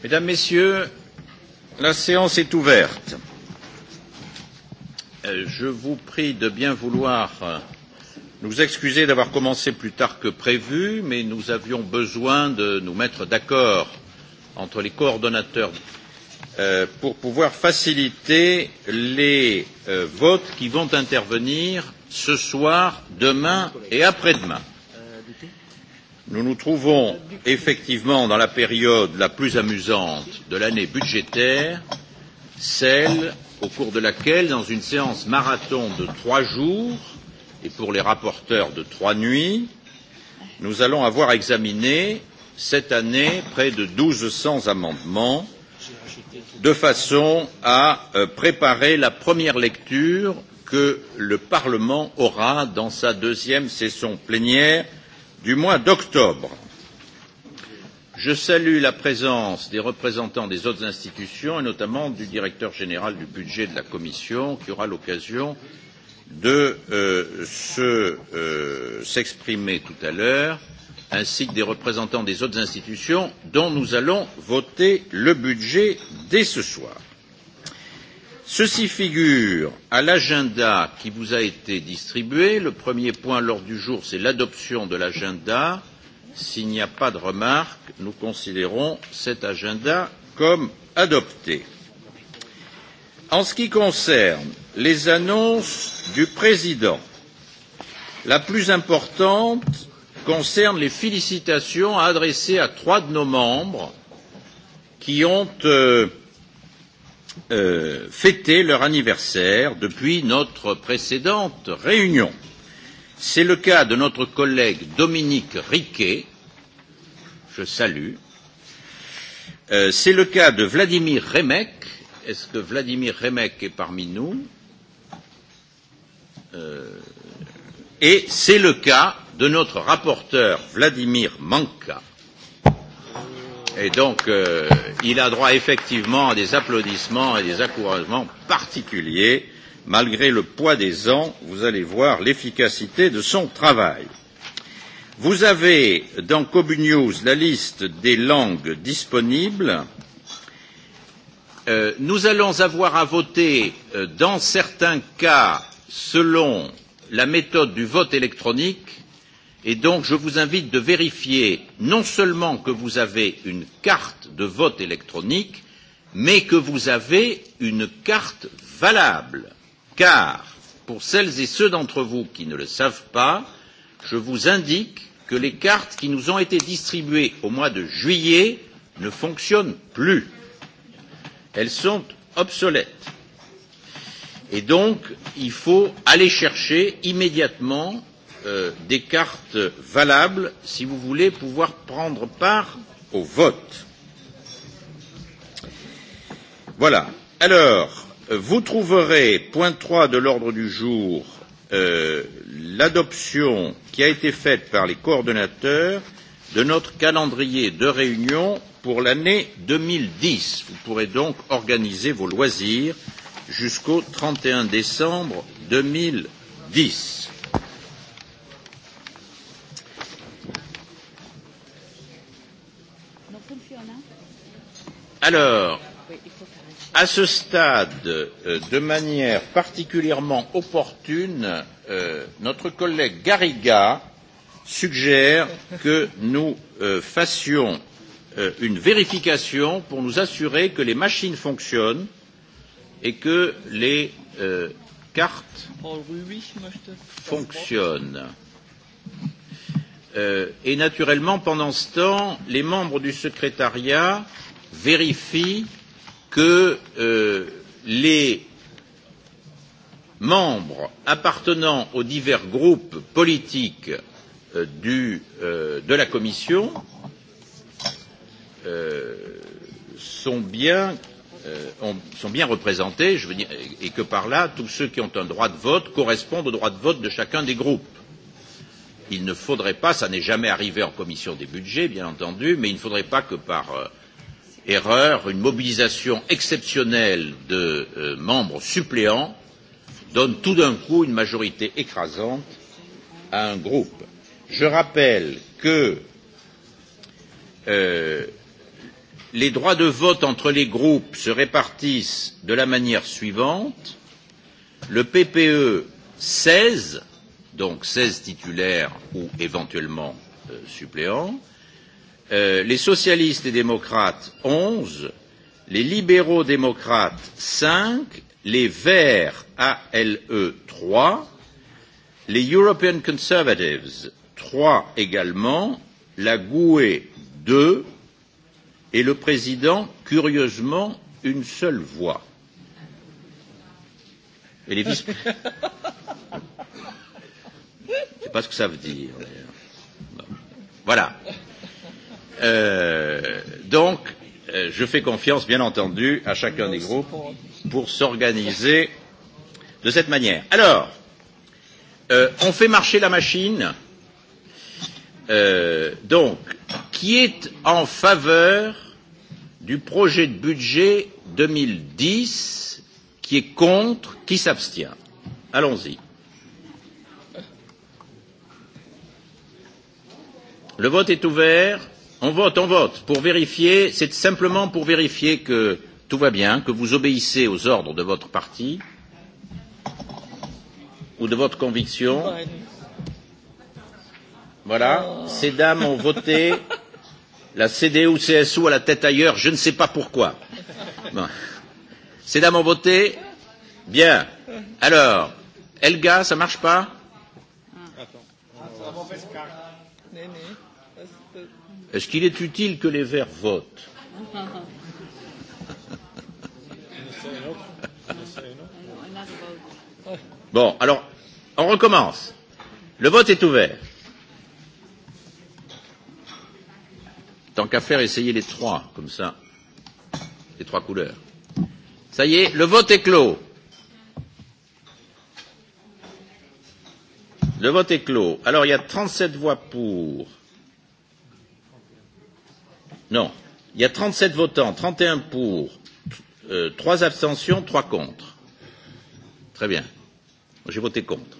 Mesdames, Messieurs, la séance est ouverte. Je vous prie de bien vouloir nous excuser d'avoir commencé plus tard que prévu, mais nous avions besoin de nous mettre d'accord entre les coordonnateurs pour pouvoir faciliter les votes qui vont intervenir ce soir, demain et après-demain. Nous nous trouvons effectivement dans la période la plus amusante de l'année budgétaire, celle au cours de laquelle, dans une séance marathon de trois jours et pour les rapporteurs de trois nuits, nous allons avoir examiné cette année près de 1200 amendements de façon à préparer la première lecture que le Parlement aura dans sa deuxième session plénière du mois d'octobre. Je salue la présence des représentants des autres institutions et notamment du directeur général du budget de la Commission qui aura l'occasion de s'exprimer tout à l'heure ainsi que des représentants des autres institutions dont nous allons voter le budget dès ce soir. Ceci figure à l'agenda qui vous a été distribué. Le premier point lors du jour, c'est l'adoption de l'agenda. S'il n'y a pas de remarques, nous considérons cet agenda comme adopté. En ce qui concerne les annonces du président, la plus importante concerne les félicitations à adresser à trois de nos membres qui ont euh, fêté leur anniversaire depuis notre précédente réunion. C'est le cas de notre collègue Dominique Riquet, je salue. C'est le cas de Vladimir Remek. Est-ce que Vladimir Remek est parmi nous euh, et c'est le cas de notre rapporteur Vladimir Manka, Et donc, euh, il a droit effectivement à des applaudissements et des encouragements particuliers, malgré le poids des ans. Vous allez voir l'efficacité de son travail. Vous avez dans Cobunews la liste des langues disponibles. Euh, nous allons avoir à voter euh, dans certains cas selon la méthode du vote électronique Et donc, je vous invite de vérifier non seulement que vous avez une carte de vote électronique, mais que vous avez une carte valable. Car, pour celles et ceux d'entre vous qui ne le savent pas, je vous indique que les cartes qui nous ont été distribuées au mois de juillet ne fonctionnent plus. Elles sont obsolètes. Et donc, il faut aller chercher immédiatement des cartes valables si vous voulez pouvoir prendre part au vote. Voilà. Alors, vous trouverez, point trois de l'ordre du jour, l'adoption qui a été faite par les coordonnateurs de notre calendrier de réunion pour l'année deux mille dix. Vous pourrez donc organiser vos loisirs jusqu'au trente et un décembre deux mille dix. Alors, à ce stade, de manière particulièrement opportune, notre collègue Garriga suggère que nous fassions une vérification pour nous assurer que les machines fonctionnent et que les cartes fonctionnent. et naturellement, pendant ce temps, les membres du secrétariat vérifie que les membres appartenant aux divers groupes politiques de la Commission sont bien représentés et que par là tous ceux qui ont un droit de vote correspondent au droit de vote de chacun des groupes. Il ne faudrait pas, ça n'est jamais arrivé en commission des budgets, bien entendu, mais il ne faudrait pas que par erreur, une mobilisation exceptionnelle de membres suppléants donne tout d'un coup une majorité écrasante à un groupe. Je rappelle que les droits de vote entre les groupes se répartissent de la manière suivante le PPE seize, donc seize titulaires ou éventuellement suppléants, les socialistes et démocrates onze, les libéraux démocrates cinq, les Verts ALE trois, les European Conservatives trois également, la GUE deux et le président, curieusement, une seule voix. Et les vice Je ne sais pas ce que ça veut dire. Voilà. Euh, donc, je fais confiance, bien entendu, à chacun des groupes pour s'organiser de cette manière. Alors, euh, on fait marcher la machine. Euh, donc, qui est en faveur du projet de budget 2010 Qui est contre Qui s'abstient Allons-y. Le vote est ouvert. On vote, on vote. Pour vérifier, c'est simplement pour vérifier que tout va bien, que vous obéissez aux ordres de votre parti ou de votre conviction. Voilà, ces dames ont voté la CDU, CSU à la tête ailleurs, je ne sais pas pourquoi. Bon. Ces dames ont voté Bien. Alors, Elga, ça marche pas Est-ce qu'il est utile que les Verts votent Bon, alors, on recommence. Le vote est ouvert. Tant qu'à faire, essayez les trois, comme ça, les trois couleurs. Ça y est, le vote est clos. Le vote est clos. Alors, il y a 37 voix pour, Non. Il y a trente sept votants, trente et un pour, trois abstentions, trois contre. Très bien. J'ai voté contre.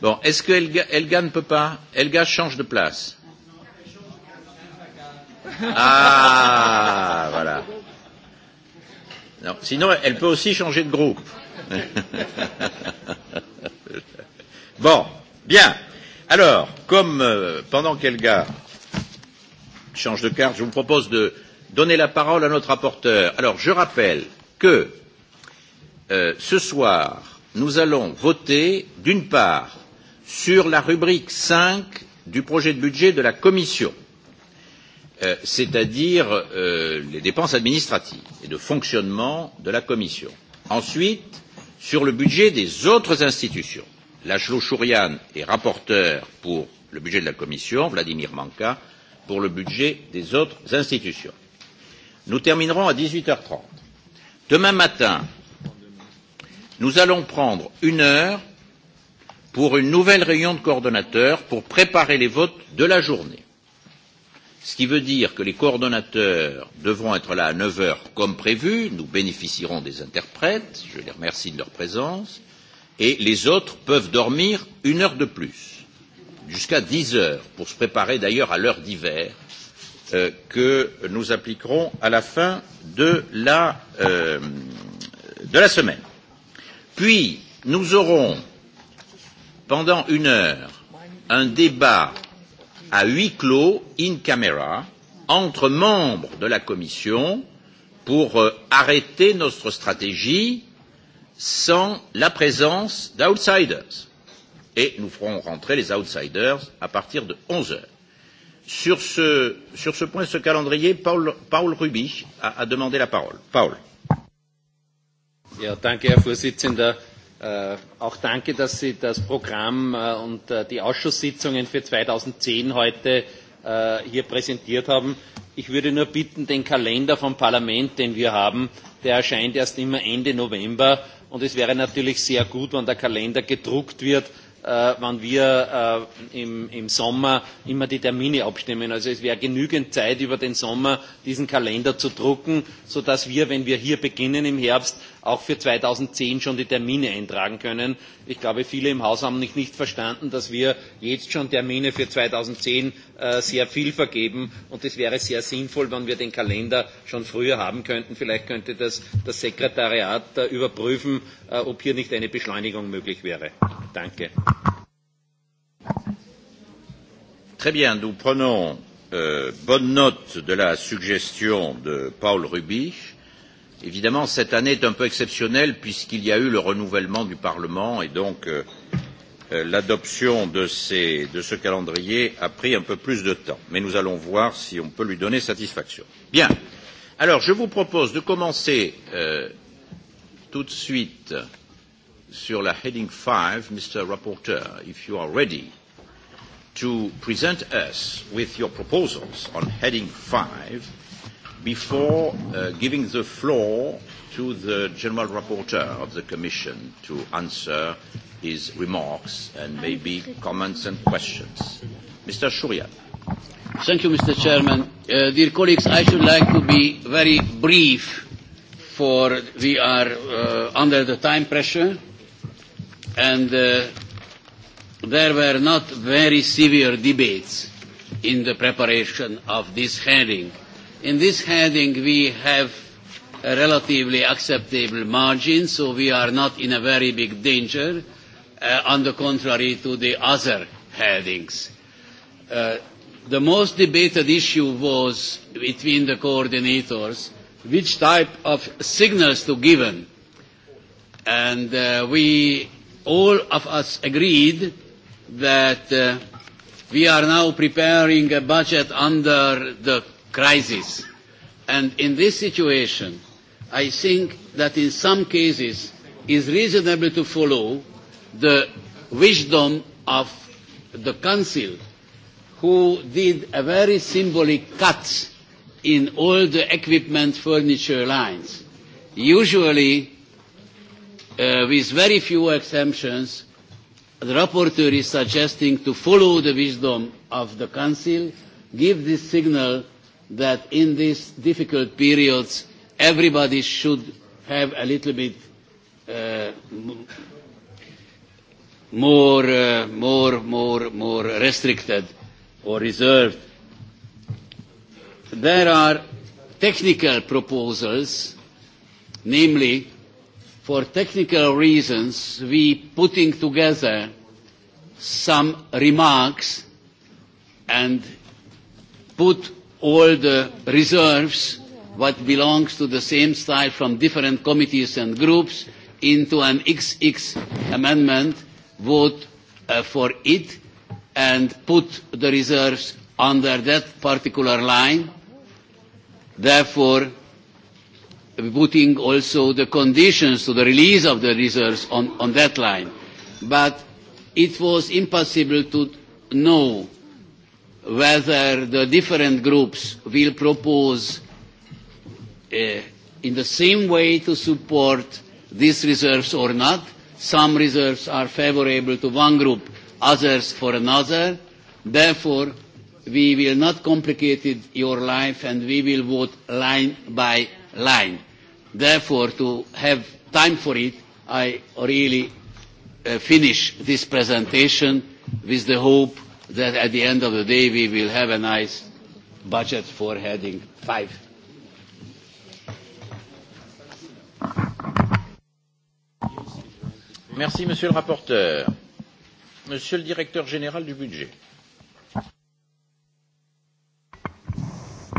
Bon, est-ce que Elga, Elga ne peut pas Elga change de place. Ah, voilà. Non, sinon, elle peut aussi changer de groupe. bon, bien. Alors, comme euh, pendant qu'Elga change de carte, je vous propose de donner la parole à notre rapporteur. Alors, je rappelle que euh, ce soir, nous allons voter, d'une part, sur la rubrique 5 du projet de budget de la Commission, euh, c'est-à-dire euh, les dépenses administratives et de fonctionnement de la Commission. Ensuite, sur le budget des autres institutions. Lachlo Chourian est rapporteur pour le budget de la Commission, Vladimir Manka pour le budget des autres institutions. Nous terminerons à dix huit h trente. Demain matin, nous allons prendre une heure pour une nouvelle réunion de coordonnateurs pour préparer les votes de la journée. Ce qui veut dire que les coordonnateurs devront être là à neuf heures comme prévu. Nous bénéficierons des interprètes. Je les remercie de leur présence. Et les autres peuvent dormir une heure de plus jusqu'à dix heures pour se préparer d'ailleurs à l'heure d'hiver que nous appliquerons à la fin de la, semaine. Puis nous aurons pendant une heure un débat à huis clos in camera entre membres de la commission pour arrêter notre stratégie sans la présence d'outsiders et nous ferons rentrer les outsiders à partir de onze heures. Sur ce, sur ce point, ce calendrier, Paul, Paul Ruby a, a demandé la parole. Paul. Ja, danke, Herr Vorsitzender. Äh, auch danke, dass Sie das Programm äh, und äh, die Ausschusssitzungen für 2010 heute äh, hier präsentiert haben. Ich würde nur bitten, den Kalender vom Parlament, den wir haben, der erscheint erst immer Ende November. Und es wäre natürlich sehr gut, wenn der Kalender gedruckt wird, wenn wir im Sommer immer die Termine abstimmen. Also es wäre genügend Zeit, über den Sommer diesen Kalender zu drucken, sodass wir, wenn wir hier beginnen im Herbst, auch für zweitausendzehn schon die Termine eintragen können. Ich glaube, viele im Haus haben nicht verstanden, dass wir jetzt schon Termine für 2010 sehr viel vergeben und es wäre sehr sinnvoll, wenn wir den Kalender schon früher haben könnten. Vielleicht könnte das das Sekretariat überprüfen, ob hier nicht eine Beschleunigung möglich wäre. Danke. Très bien, nous prenons bonne note de la suggestion de Paul Rubich Évidemment, cette année est un peu exceptionnelle puisqu'il y a eu le renouvellement du Parlement et donc l'adoption de, ce calendrier a pris un peu plus de temps. Mais nous allons voir si on peut lui donner satisfaction. Bien. Alors, je vous propose de commencer tout de suite sur la heading 5, Mr. Rapporteur, if you are ready to present us with your proposals on heading 5 Before uh, giving the floor to the General Rapporteur of the Commission to answer his remarks and maybe comments and questions, Mr. Shuria. Thank you, Mr. Chairman. Uh, dear colleagues, I should like to be very brief for we are uh, under the time pressure and uh, there were not very severe debates in the preparation of this hearing In this heading, we have a relatively acceptable margin, so we are not in a very big danger, uh, on the contrary to the other headings. Uh, the most debated issue was between the coordinators which type of signals to give. And uh, we, all of us agreed that uh, we are now preparing a budget under the crisis. And in this situation, I think that in some cases it is reasonable to follow the wisdom of the Council, who did a very symbolic cut in all the equipment furniture lines. Usually, uh, with very few exemptions, the rapporteur is suggesting to follow the wisdom of the Council, give this signal that in these difficult periods, everybody should have a little bit uh, more, uh, more, more, more restricted or reserved. There are technical proposals, namely, for technical reasons, we putting together some remarks and put all the reserves what belongs to the same style from different committees and groups into an XX amendment, vote uh, for it and put the reserves under that particular line. Therefore, putting also the conditions to the release of the reserves on, on that line. But it was impossible to know whether the different groups will propose uh, in the same way to support these reserves or not. Some reserves are favorable to one group, others for another. Therefore, we will not complicate your life and we will vote line by line. Therefore, to have time for it, I really uh, finish this presentation with the hope that at the end of the day we will have a nice budget for heading five. Merci, Monsieur le rapporteur. Monsieur le directeur général du budget.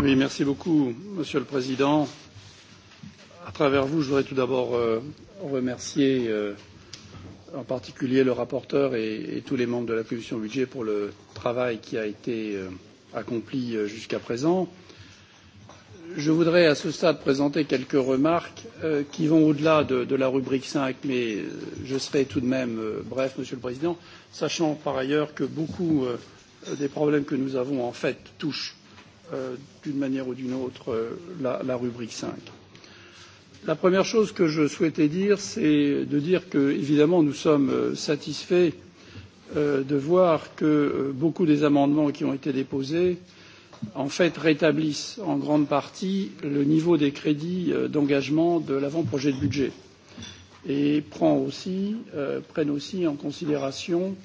Oui, merci beaucoup, Monsieur le Président. À travers vous, je voudrais tout d'abord euh, remercier euh, en particulier le rapporteur et, tous les membres de la commission budget pour le travail qui a été accompli jusqu'à présent. Je voudrais à ce stade présenter quelques remarques qui vont au-delà de, la rubrique cinq, mais je serai tout de même bref, Monsieur le Président, sachant par ailleurs que beaucoup des problèmes que nous avons en fait touchent d'une manière ou d'une autre la, rubrique cinq La première chose que je souhaitais dire, c'est de dire que, évidemment, nous sommes satisfaits de voir que beaucoup des amendements qui ont été déposés en fait rétablissent en grande partie le niveau des crédits d'engagement de l'avant projet de budget et prennent aussi en considération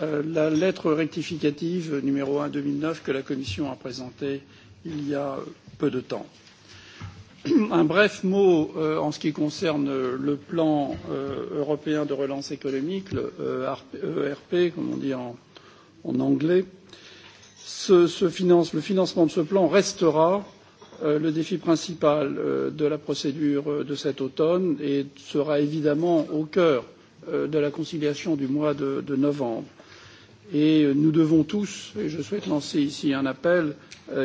la lettre rectificative numéro un deux mille neuf que la Commission a présentée il y a peu de temps un bref mot en ce qui concerne le plan européen de relance économique, le ERP, comme on dit en, anglais. le financement de ce plan restera le défi principal de la procédure de cet automne et sera évidemment au cœur de la conciliation du mois de novembre Et nous devons tous, et je souhaite lancer ici un appel,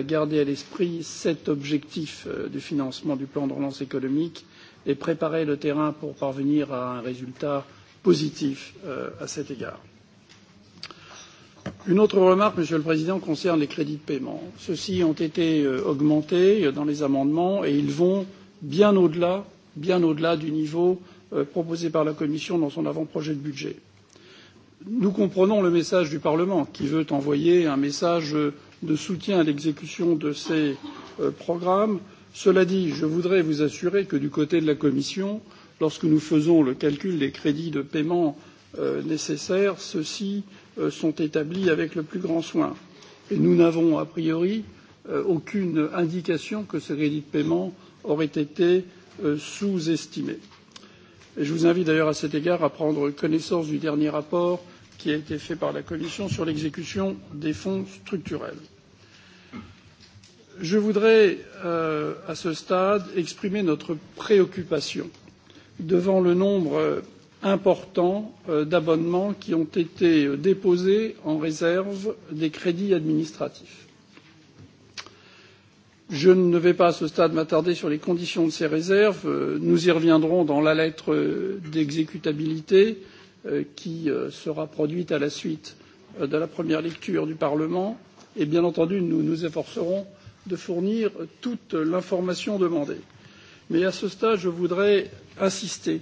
garder à l'esprit cet objectif du financement du plan de relance économique et préparer le terrain pour parvenir à un résultat positif à cet égard. Une autre remarque, Monsieur le Président, concerne les crédits de paiement. Ceux-ci ont été augmentés dans les amendements et ils vont bien au-delà, bien au-delà du niveau proposé par la Commission dans son avant-projet de budget Nous comprenons le message du Parlement qui veut envoyer un message de soutien à l'exécution de ces programmes. Cela dit, je voudrais vous assurer que du côté de la Commission, lorsque nous faisons le calcul des crédits de paiement nécessaires, ceux-ci sont établis avec le plus grand soin. Et nous n'avons a priori aucune indication que ces crédits de paiement auraient été sous-estimés. Je vous invite d'ailleurs à cet égard à prendre connaissance du dernier rapport qui a été fait par la Commission sur l'exécution des fonds structurels. Je voudrais, à ce stade, exprimer notre préoccupation devant le nombre important d'abonnements qui ont été déposés en réserve des crédits administratifs. Je ne vais pas à ce stade m'attarder sur les conditions de ces réserves. Nous y reviendrons dans la lettre d'exécutabilité qui sera produite à la suite de la première lecture du Parlement et bien entendu nous nous efforcerons de fournir toute l'information demandée. Mais à ce stade, je voudrais insister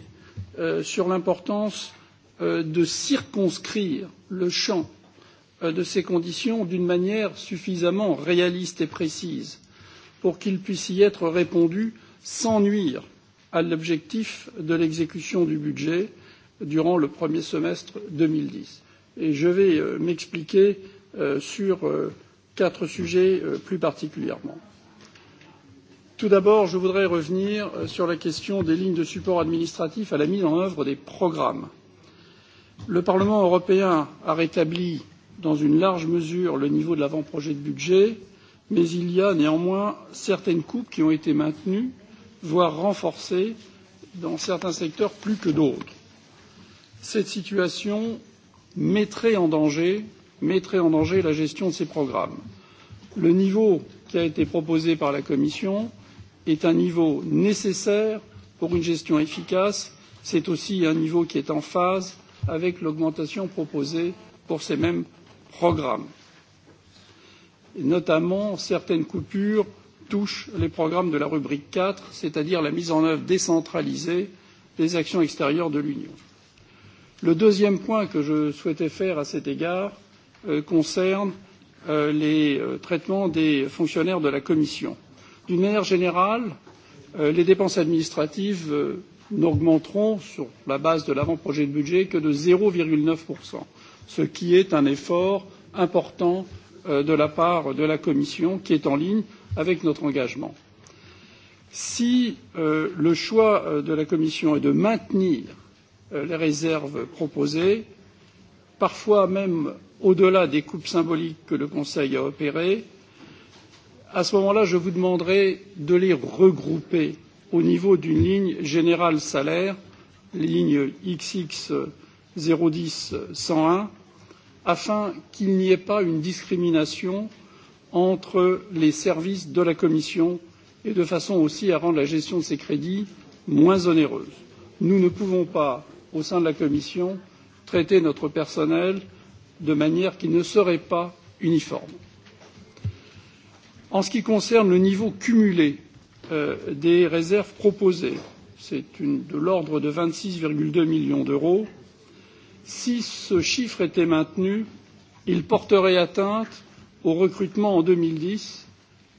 sur l'importance de circonscrire le champ de ces conditions d'une manière suffisamment réaliste et précise pour qu'il puisse y être répondu sans nuire à l'objectif de l'exécution du budget durant le premier semestre deux mille dix. Et je vais m'expliquer sur quatre sujets plus particulièrement. Tout d'abord, je voudrais revenir sur la question des lignes de support administratif à la mise en œuvre des programmes. Le Parlement européen a rétabli dans une large mesure le niveau de l'avant-projet de budget, mais il y a néanmoins certaines coupes qui ont été maintenues, voire renforcées, dans certains secteurs plus que d'autres cette situation mettrait en danger, la gestion de ces programmes. Le niveau qui a été proposé par la Commission est un niveau nécessaire pour une gestion efficace. C'est aussi un niveau qui est en phase avec l'augmentation proposée pour ces mêmes programmes. Notamment, certaines coupures touchent les programmes de la rubrique quatre, c'est-à-dire la mise en œuvre décentralisée des actions extérieures de l'Union. Le deuxième point que je souhaitais faire à cet égard concerne les traitements des fonctionnaires de la Commission. D'une manière générale, les dépenses administratives n'augmenteront, sur la base de l'avant projet de budget, que de zéro neuf, ce qui est un effort important de la part de la Commission qui est en ligne avec notre engagement. Si le choix de la Commission est de maintenir les réserves proposées, parfois même au-delà des coupes symboliques que le Conseil a opérées, à ce moment-là, je vous demanderai de les regrouper au niveau d'une ligne générale salaire, ligne XX zéro dix cent un, afin qu'il n'y ait pas une discrimination entre les services de la Commission et de façon aussi à rendre la gestion de ces crédits moins onéreuse. Nous ne pouvons pas au sein de la Commission, traiter notre personnel de manière qui ne serait pas uniforme. En ce qui concerne le niveau cumulé des réserves proposées, c'est de l'ordre de vingt six deux millions d'euros. Si ce chiffre était maintenu, il porterait atteinte au recrutement en deux mille dix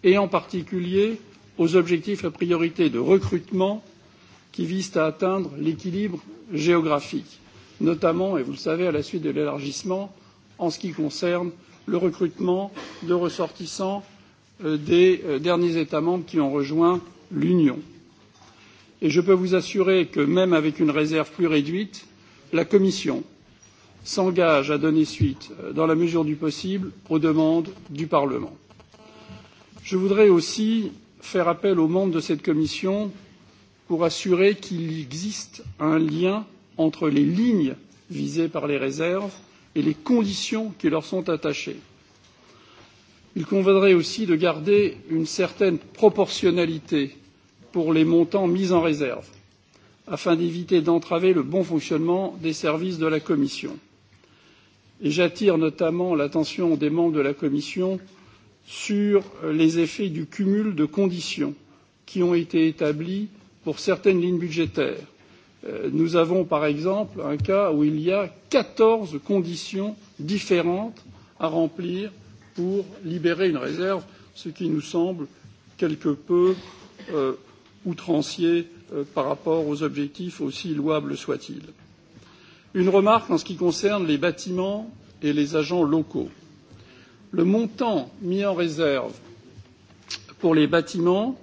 et en particulier aux objectifs à priorité de recrutement qui visent à atteindre l'équilibre géographique, notamment, et vous le savez, à la suite de l'élargissement, en ce qui concerne le recrutement de ressortissants des derniers États membres qui ont rejoint l'Union. Et je peux vous assurer que, même avec une réserve plus réduite, la Commission s'engage à donner suite, dans la mesure du possible, aux demandes du Parlement. Je voudrais aussi faire appel aux membres de cette Commission pour assurer qu'il existe un lien entre les lignes visées par les réserves et les conditions qui leur sont attachées. Il conviendrait aussi de garder une certaine proportionnalité pour les montants mis en réserve, afin d'éviter d'entraver le bon fonctionnement des services de la Commission. Et j'attire notamment l'attention des membres de la Commission sur les effets du cumul de conditions qui ont été établies pour certaines lignes budgétaires. Nous avons par exemple un cas où il y a quatorze conditions différentes à remplir pour libérer une réserve, ce qui nous semble quelque peu outrancier par rapport aux objectifs, aussi louables soient-ils. Une remarque en ce qui concerne les bâtiments et les agents locaux. Le montant mis en réserve pour les bâtiments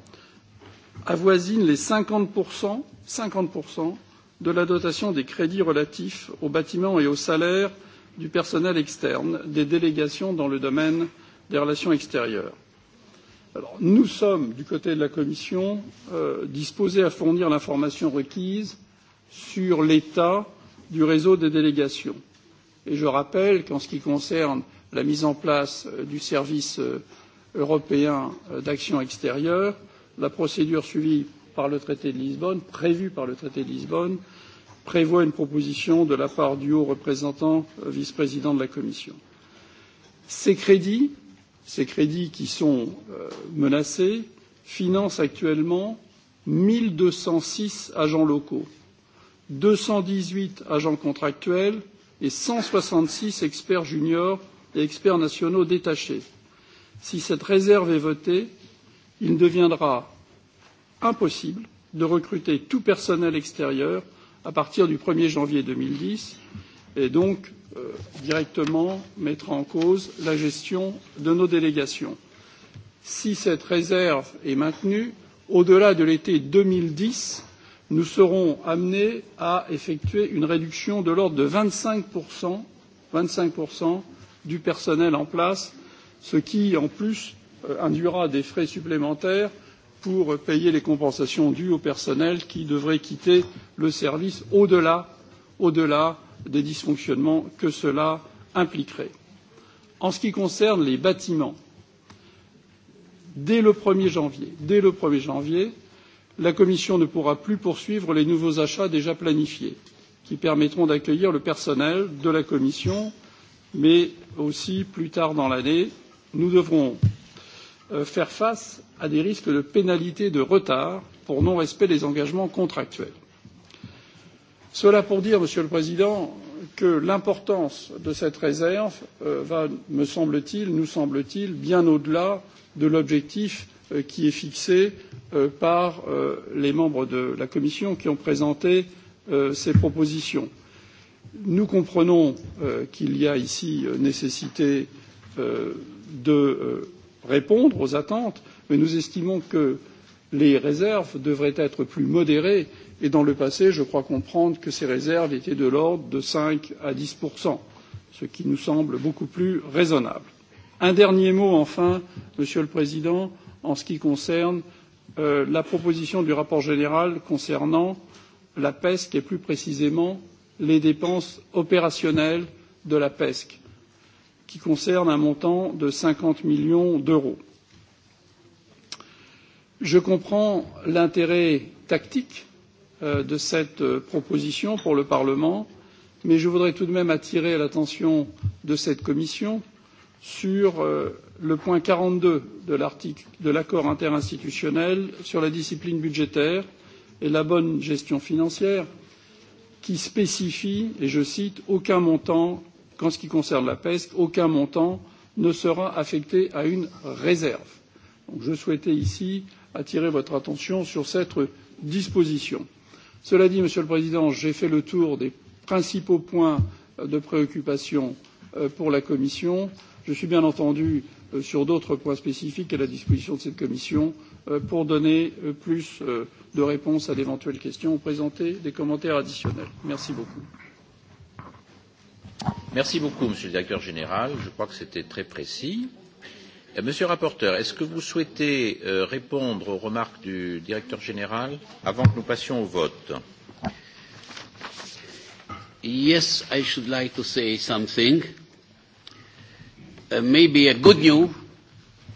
avoisine les cinquante de la dotation des crédits relatifs aux bâtiments et aux salaires du personnel externe des délégations dans le domaine des relations extérieures. nous sommes du côté de la commission disposés à fournir l'information requise sur l'état du réseau des délégations et je rappelle qu'en ce qui concerne la mise en place du service européen d'action extérieure la procédure suivie par le traité de Lisbonne, prévue par le traité de Lisbonne, prévoit une proposition de la part du haut représentant vice président de la Commission. Ces crédits, ces crédits qui sont menacés, financent actuellement 1206 agents locaux, 218 agents contractuels et 166 experts juniors et experts nationaux détachés. Si cette réserve est votée, il deviendra impossible de recruter tout personnel extérieur à partir du 1er janvier 2010 et donc directement mettre en cause la gestion de nos délégations. Si cette réserve est maintenue, au-delà de l'été 2010, nous serons amenés à effectuer une réduction de l'ordre de 25 25 du personnel en place, ce qui, en plus, induira des frais supplémentaires pour payer les compensations dues au personnel qui devrait quitter le service au delà des dysfonctionnements que cela impliquerait. En ce qui concerne les bâtiments, dès le 1er janvier, la Commission ne pourra plus poursuivre les nouveaux achats déjà planifiés, qui permettront d'accueillir le personnel de la Commission, mais aussi plus tard dans l'année, nous devrons faire face à des risques de pénalités de retard pour non respect des engagements contractuels. Cela pour dire, Monsieur le Président, que l'importance de cette réserve va, me semble t il, nous semble t il, bien au delà de l'objectif qui est fixé par les membres de la Commission qui ont présenté ces propositions. Nous comprenons qu'il y a ici nécessité de répondre aux attentes, mais nous estimons que les réserves devraient être plus modérées et dans le passé, je crois comprendre que ces réserves étaient de l'ordre de cinq à dix, ce qui nous semble beaucoup plus raisonnable. Un dernier mot enfin, Monsieur le Président, en ce qui concerne la proposition du rapport général concernant la PESC et plus précisément les dépenses opérationnelles de la PESC qui concerne un montant de cinquante millions d'euros. Je comprends l'intérêt tactique de cette proposition pour le Parlement, mais je voudrais tout de même attirer l'attention de cette commission sur le point quarante deux de l'accord interinstitutionnel sur la discipline budgétaire et la bonne gestion financière qui spécifie et je cite aucun montant qu'en ce qui concerne la pesc aucun montant ne sera affecté à une réserve. je souhaitais ici attirer votre attention sur cette disposition. cela dit monsieur le président j'ai fait le tour des principaux points de préoccupation pour la commission. je suis bien entendu sur d'autres points spécifiques à la disposition de cette commission pour donner plus de réponses à d'éventuelles questions ou présenter des commentaires additionnels. merci beaucoup. Merci beaucoup, Monsieur le Directeur général. Je crois que c'était très précis. Monsieur le rapporteur, est-ce que vous souhaitez répondre aux remarques du directeur général avant que nous passions au vote Yes, I should like to say something. Uh, maybe a good news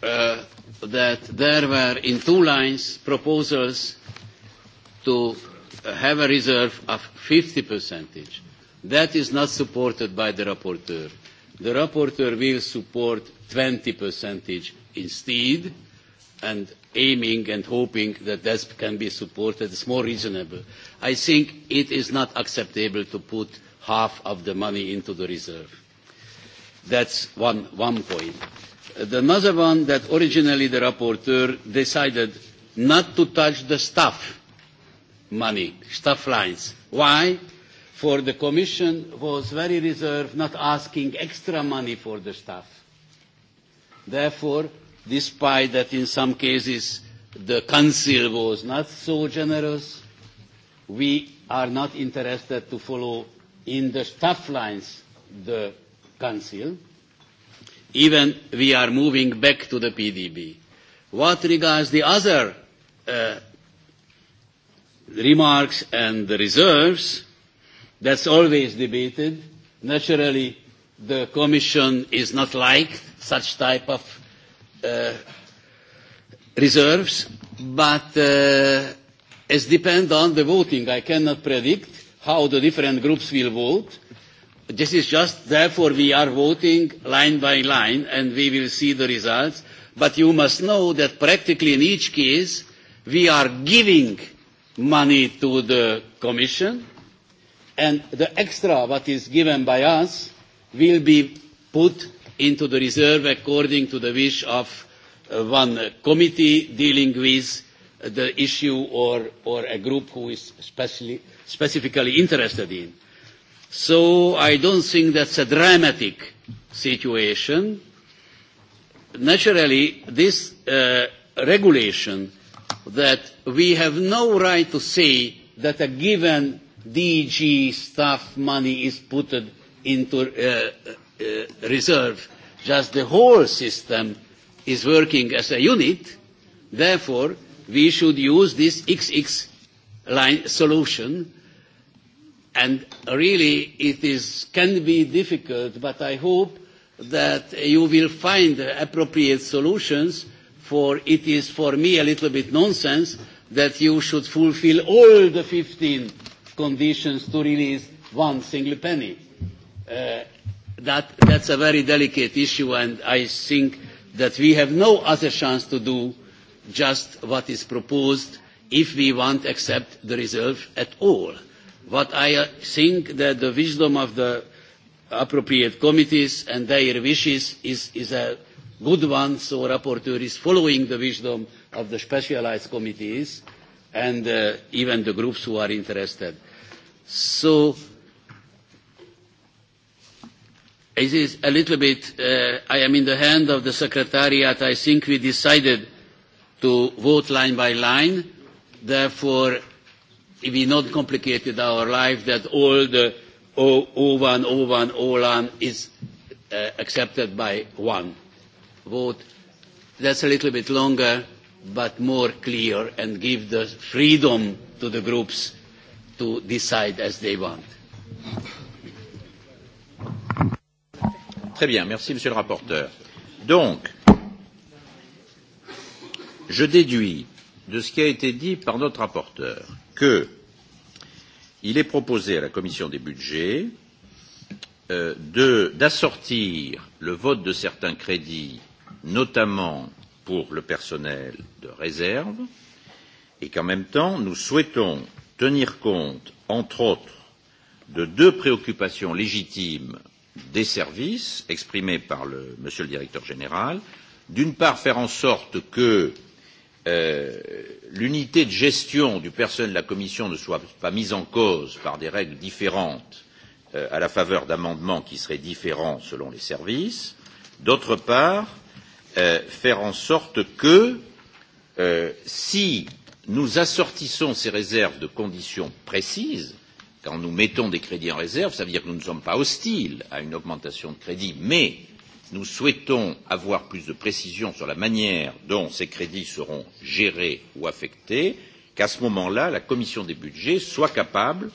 uh, that there were in two lines proposals to have a reserve of 50 percentage That is not supported by the rapporteur. The rapporteur will support 20 percentage instead, and aiming and hoping that that can be supported is more reasonable. I think it is not acceptable to put half of the money into the reserve. That's one, one point. The another one that originally the rapporteur decided not to touch the staff money, staff lines. Why? for the Commission was very reserved, not asking extra money for the staff. Therefore, despite that in some cases the Council was not so generous, we are not interested to follow in the staff lines the Council. Even we are moving back to the PDB. What regards the other uh, remarks and the reserves, That's always debated. Naturally, the Commission is not like such type of uh, reserves, but uh, it depends on the voting. I cannot predict how the different groups will vote. This is just, therefore, we are voting line by line, and we will see the results. But you must know that practically in each case, we are giving money to the Commission, and the extra what is given by us will be put into the reserve according to the wish of one committee dealing with the issue or, or a group who is specially, specifically interested in. So I don't think that's a dramatic situation. Naturally, this uh, regulation that we have no right to say that a given DG staff money is put into uh, uh, reserve. Just the whole system is working as a unit. Therefore, we should use this XX line solution. And really, it is, can be difficult, but I hope that you will find appropriate solutions for it is for me a little bit nonsense that you should fulfill all the 15 conditions to release one single penny. Uh, that, that's a very delicate issue, and I think that we have no other chance to do just what is proposed if we want to accept the reserve at all. What I think that the wisdom of the appropriate committees and their wishes is, is a good one, so rapporteur is following the wisdom of the specialized committees, uh, and uh, even the groups who are interested. So it is a little bit, uh, I am in the hand of the Secretariat. I think we decided to vote line by line. Therefore, we not complicated our life that all the O1, O1, O1 is uh, accepted by one vote. That's a little bit longer but more clear and give the freedom to the groups to decide as they want. Très bien, merci Monsieur le rapporteur. Donc, je déduis de ce qui a été dit par notre rapporteur que il est proposé à la commission des budgets d'assortir le vote de certains crédits, notamment pour le personnel de réserve et qu'en même temps, nous souhaitons tenir compte, entre autres, de deux préoccupations légitimes des services exprimées par le, Monsieur le Directeur général. D'une part, faire en sorte que l'unité de gestion du personnel de la Commission ne soit pas mise en cause par des règles différentes à la faveur d'amendements qui seraient différents selon les services. D'autre part, faire en sorte que si nous assortissons ces réserves de conditions précises, quand nous mettons des crédits en réserve, cela veut dire que nous ne sommes pas hostiles à une augmentation de crédits, mais nous souhaitons avoir plus de précision sur la manière dont ces crédits seront gérés ou affectés, qu'à ce moment-là, la commission des budgets soit capable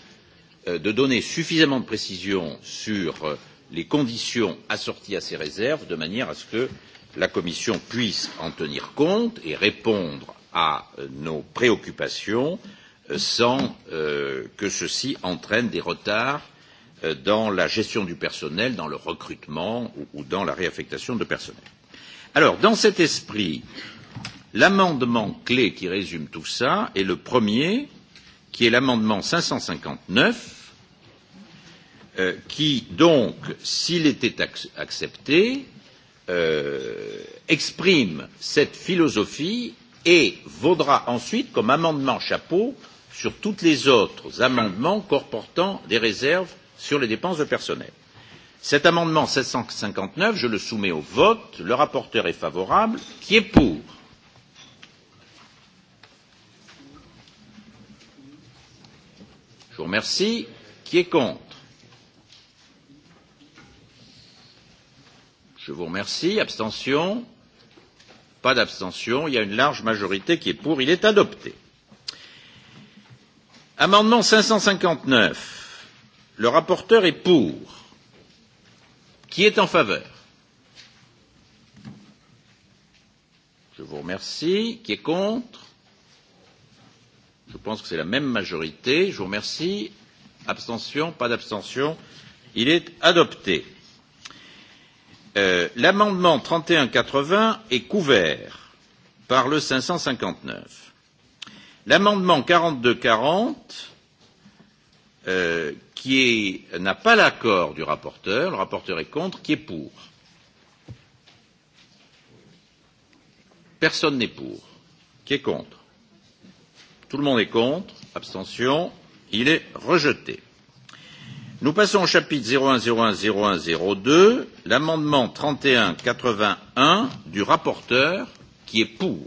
de donner suffisamment de précisions sur les conditions assorties à ces réserves, de manière à ce que la Commission puisse en tenir compte et répondre à nos préoccupations sans que ceci entraîne des retards dans la gestion du personnel, dans le recrutement ou dans la réaffectation de personnel. Alors, dans cet esprit, l'amendement clé qui résume tout cela est le premier, qui est l'amendement cinq cent cinquante neuf, qui donc, s'il était accepté, exprime cette philosophie et vaudra ensuite comme amendement chapeau sur tous les autres amendements comportant des réserves sur les dépenses de personnel. Cet amendement sept cent cinquante neuf, je le soumets au vote. Le rapporteur est favorable. Qui est pour Je vous remercie. Qui est contre Je vous remercie. Abstention Pas d'abstention. Il y a une large majorité qui est pour. Il est adopté. Amendement 559. Le rapporteur est pour. Qui est en faveur Je vous remercie. Qui est contre Je pense que c'est la même majorité. Je vous remercie. Abstention Pas d'abstention. Il est adopté l'amendement trente et un quatre vingts est couvert par le cinq cent cinquante neuf. L'amendement quarante deux quarante, qui n'a pas l'accord du rapporteur, le rapporteur est contre, qui est pour. Personne n'est pour. Qui est contre Tout le monde est contre. Abstention. Il est rejeté. Nous passons au chapitre 01010102, l'amendement 3181 du rapporteur qui est pour,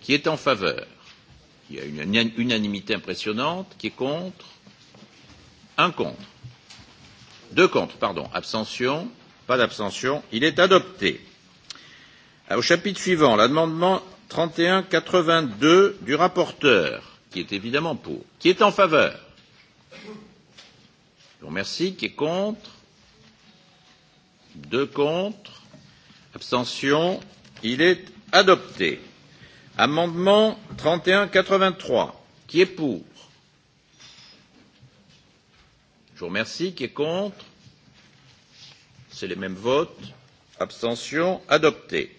qui est en faveur. Il y a une unanimité impressionnante qui est contre, un contre, deux contre, pardon, abstention, pas d'abstention, il est adopté. Au chapitre suivant, l'amendement 3182 du rapporteur, qui est évidemment pour, qui est en faveur, Je vous remercie. Qui est contre Deux contre. Abstention. Il est adopté. Amendement 3183. Qui est pour Je vous remercie. Qui est contre C'est les mêmes votes. Abstention. Adopté.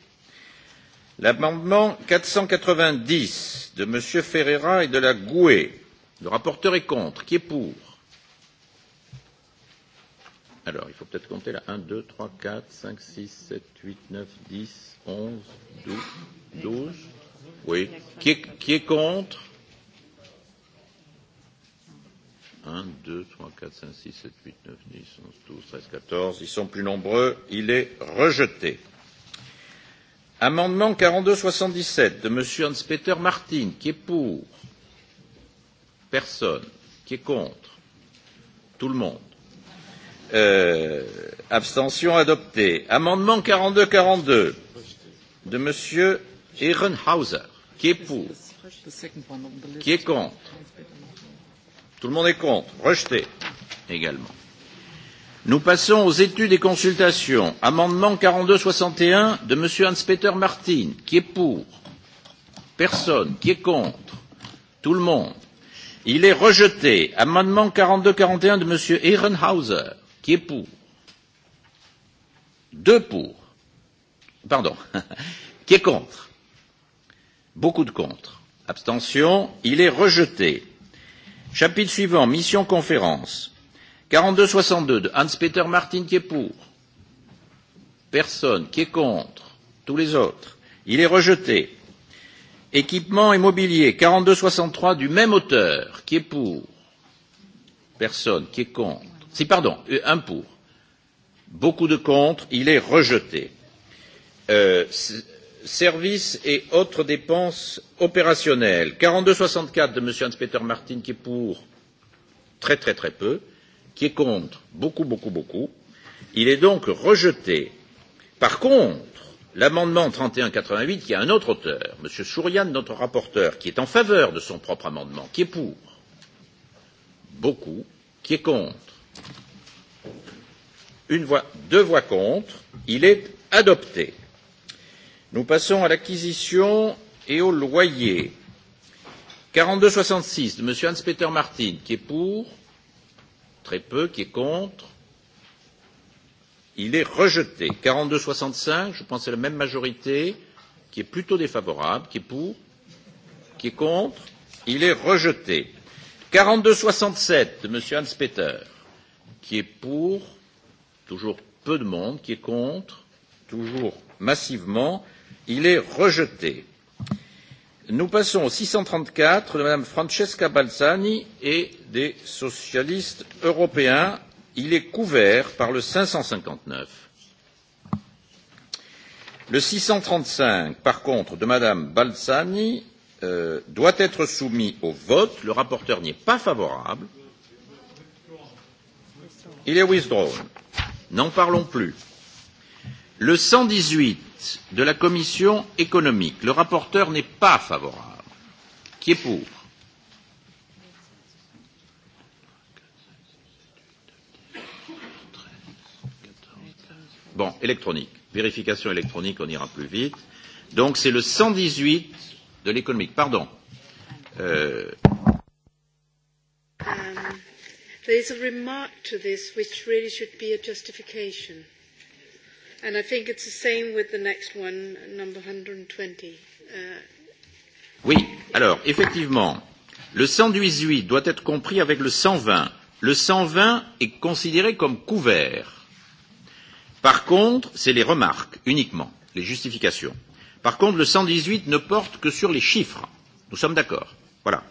L'amendement 490 de M. Ferreira et de la Gouée. Le rapporteur est contre. Qui est pour Alors, il faut peut-être compter là. 1, 2, 3, 4, 5, 6, 7, 8, 9, 10, 11, 12. 12. Oui. Qui est, qui est contre 1, 2, 3, 4, 5, 6, 7, 8, 9, 10, 11, 12, 13, 14. Ils sont plus nombreux. Il est rejeté. Amendement 4277 de M. Hans-Peter Martin. Qui est pour Personne. Qui est contre Tout le monde abstention adopté. Amendement quarante deux quarante deux de Monsieur Ehrenhauser. Qui est pour Qui est contre Tout le monde est contre. Rejeté également. Nous passons aux études et consultations. Amendement quarante deux soixante et un de Monsieur Hans-Peter Martin. Qui est pour Personne. Qui est contre Tout le monde. Il est rejeté. Amendement quarante deux quarante et un de Monsieur Ehrenhauser. Qui est pour Deux pour. Pardon. Qui est contre Beaucoup de contre. Abstention. Il est rejeté. Chapitre suivant. Mission conférence. 42-62 de Hans-Peter Martin qui est pour. Personne. Qui est contre Tous les autres. Il est rejeté. Équipement et mobilier. 42-63 du même auteur. Qui est pour Personne. Qui est contre si pardon, un pour, beaucoup de contre, il est rejeté. Euh, services et autres dépenses opérationnelles, quarante deux soixante quatre de M. Hans-Peter Martin qui est pour très très très peu, qui est contre beaucoup beaucoup beaucoup. Il est donc rejeté. Par contre, l'amendement trente et un quatre-vingt huit, qui a un autre auteur, M. Souriane, notre rapporteur, qui est en faveur de son propre amendement, qui est pour beaucoup, qui est contre une voix, deux voix contre. Il est adopté. Nous passons à l'acquisition et au loyer. 42,66 de M. Hans-Peter Martin, qui est pour, très peu, qui est contre. Il est rejeté. 42,65, je pense que c'est la même majorité, qui est plutôt défavorable, qui est pour, qui est contre. Il est rejeté. 42,67 de M. Hans-Peter, qui est pour, toujours peu de monde, qui est contre, toujours massivement, il est rejeté. Nous passons au six cent trente quatre de Madame Francesca Balzani et des socialistes européens. Il est couvert par le cinq cent cinquante neuf. Le six cent trente cinq, par contre, de Madame Balzani doit être soumis au vote. Le rapporteur n'y est pas favorable. Il est withdrawn. N'en parlons plus. Le cent dix huit de la commission économique, le rapporteur n'est pas favorable. Qui est pour Bon, électronique. Vérification électronique, on ira plus vite. Donc c'est le cent dix huit de l'économique. Pardon. Euh... There is a remark to this which really should be a justification. And I think it's the same with the next one, number 120. Uh, oui, alors, effectivement, le 118 doit être compris avec le 120. Le 120 est considéré comme couvert. Par contre, c'est les remarques uniquement, les justifications. Par contre, le 118 ne porte que sur les chiffres. Nous sommes d'accord. Voilà.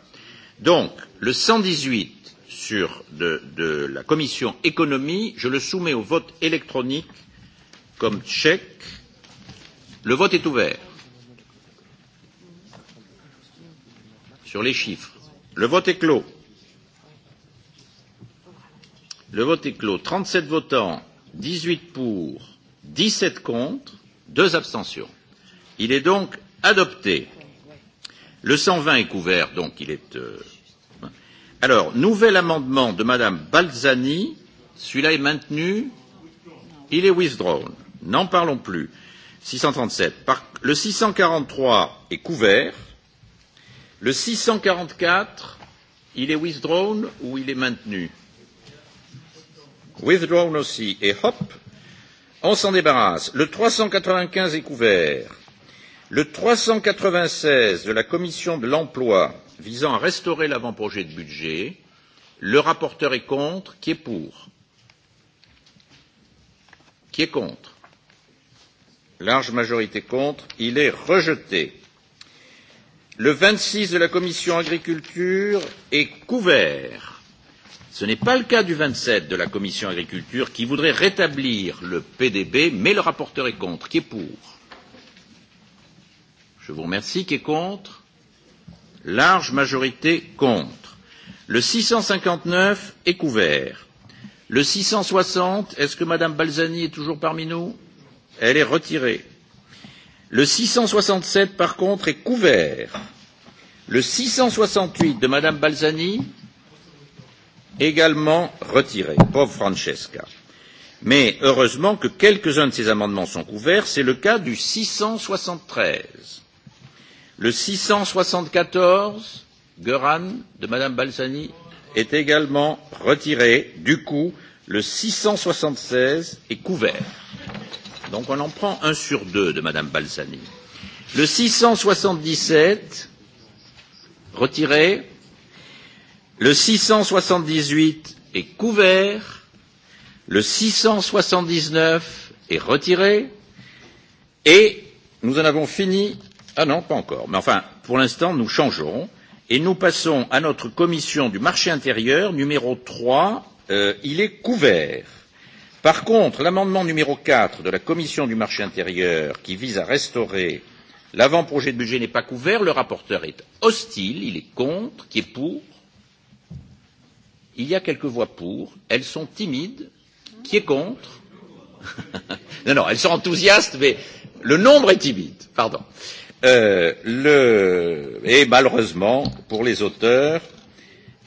Donc, le 118 sur de, la commission économie, je le soumets au vote électronique comme chèque. Le vote est ouvert sur les chiffres. Le vote est clos. Le vote est clos. Trente sept votants, dix huit pour, dix sept contre, deux abstentions. Il est donc adopté. Le cent vingt est couvert, donc il est Alors, nouvel amendement de Madame Balzani. Celui-là est maintenu. Il est withdrawn. N'en parlons plus. 637. Par, le 643 est couvert. Le 644, il est withdrawn ou il est maintenu Withdrawn aussi. Et hop, on s'en débarrasse. Le 395 est couvert. Le 396 de la Commission de l'emploi visant à restaurer l'avant-projet de budget. Le rapporteur est contre. Qui est pour Qui est contre Large majorité contre. Il est rejeté. Le 26 de la commission agriculture est couvert. Ce n'est pas le cas du 27 de la commission agriculture qui voudrait rétablir le PDB, mais le rapporteur est contre. Qui est pour Je vous remercie. Qui est contre Large majorité contre. Le six cent cinquante neuf est couvert. Le six cent soixante est-ce que Madame Balzani est toujours parmi nous Elle est retirée. Le six cent soixante sept, par contre, est couvert. Le six cent soixante huit de Madame Balzani, également retiré. Pauvre Francesca. Mais heureusement que quelques-uns de ces amendements sont couverts. C'est le cas du six cent soixante treize. Le 674, Göran de Madame Balsani, est également retiré. Du coup, le 676 est couvert. Donc on en prend un sur deux de Madame Balsani. Le 677, retiré. Le 678 est couvert. Le 679 est retiré. Et nous en avons fini Ah non, pas encore. Mais enfin, pour l'instant, nous changeons et nous passons à notre commission du marché intérieur numéro 3. Euh, il est couvert. Par contre, l'amendement numéro 4 de la commission du marché intérieur qui vise à restaurer l'avant-projet de budget n'est pas couvert. Le rapporteur est hostile, il est contre, qui est pour. Il y a quelques voix pour. Elles sont timides. Qui est contre Non, non, elles sont enthousiastes, mais le nombre est timide. Pardon. Euh, et malheureusement pour les auteurs,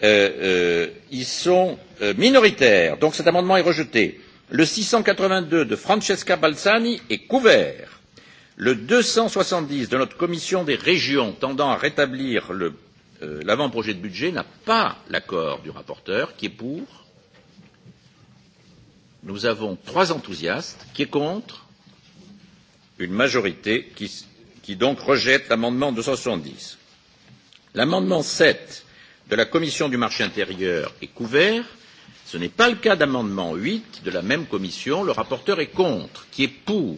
ils sont minoritaires. Donc cet amendement est rejeté. Le six cent quatre-vingt-deux de Francesca Balzani est couvert. Le deux cent soixante dix de notre commission des régions tendant à rétablir l'avant-projet de budget n'a pas l'accord du rapporteur qui est pour. Nous avons trois enthousiastes qui est contre, une majorité qui qui donc rejette l'amendement deux cent soixante dix. L'amendement sept de la commission du marché intérieur est couvert. Ce n'est pas le cas d'amendement huit de la même commission. Le rapporteur est contre. Qui est pour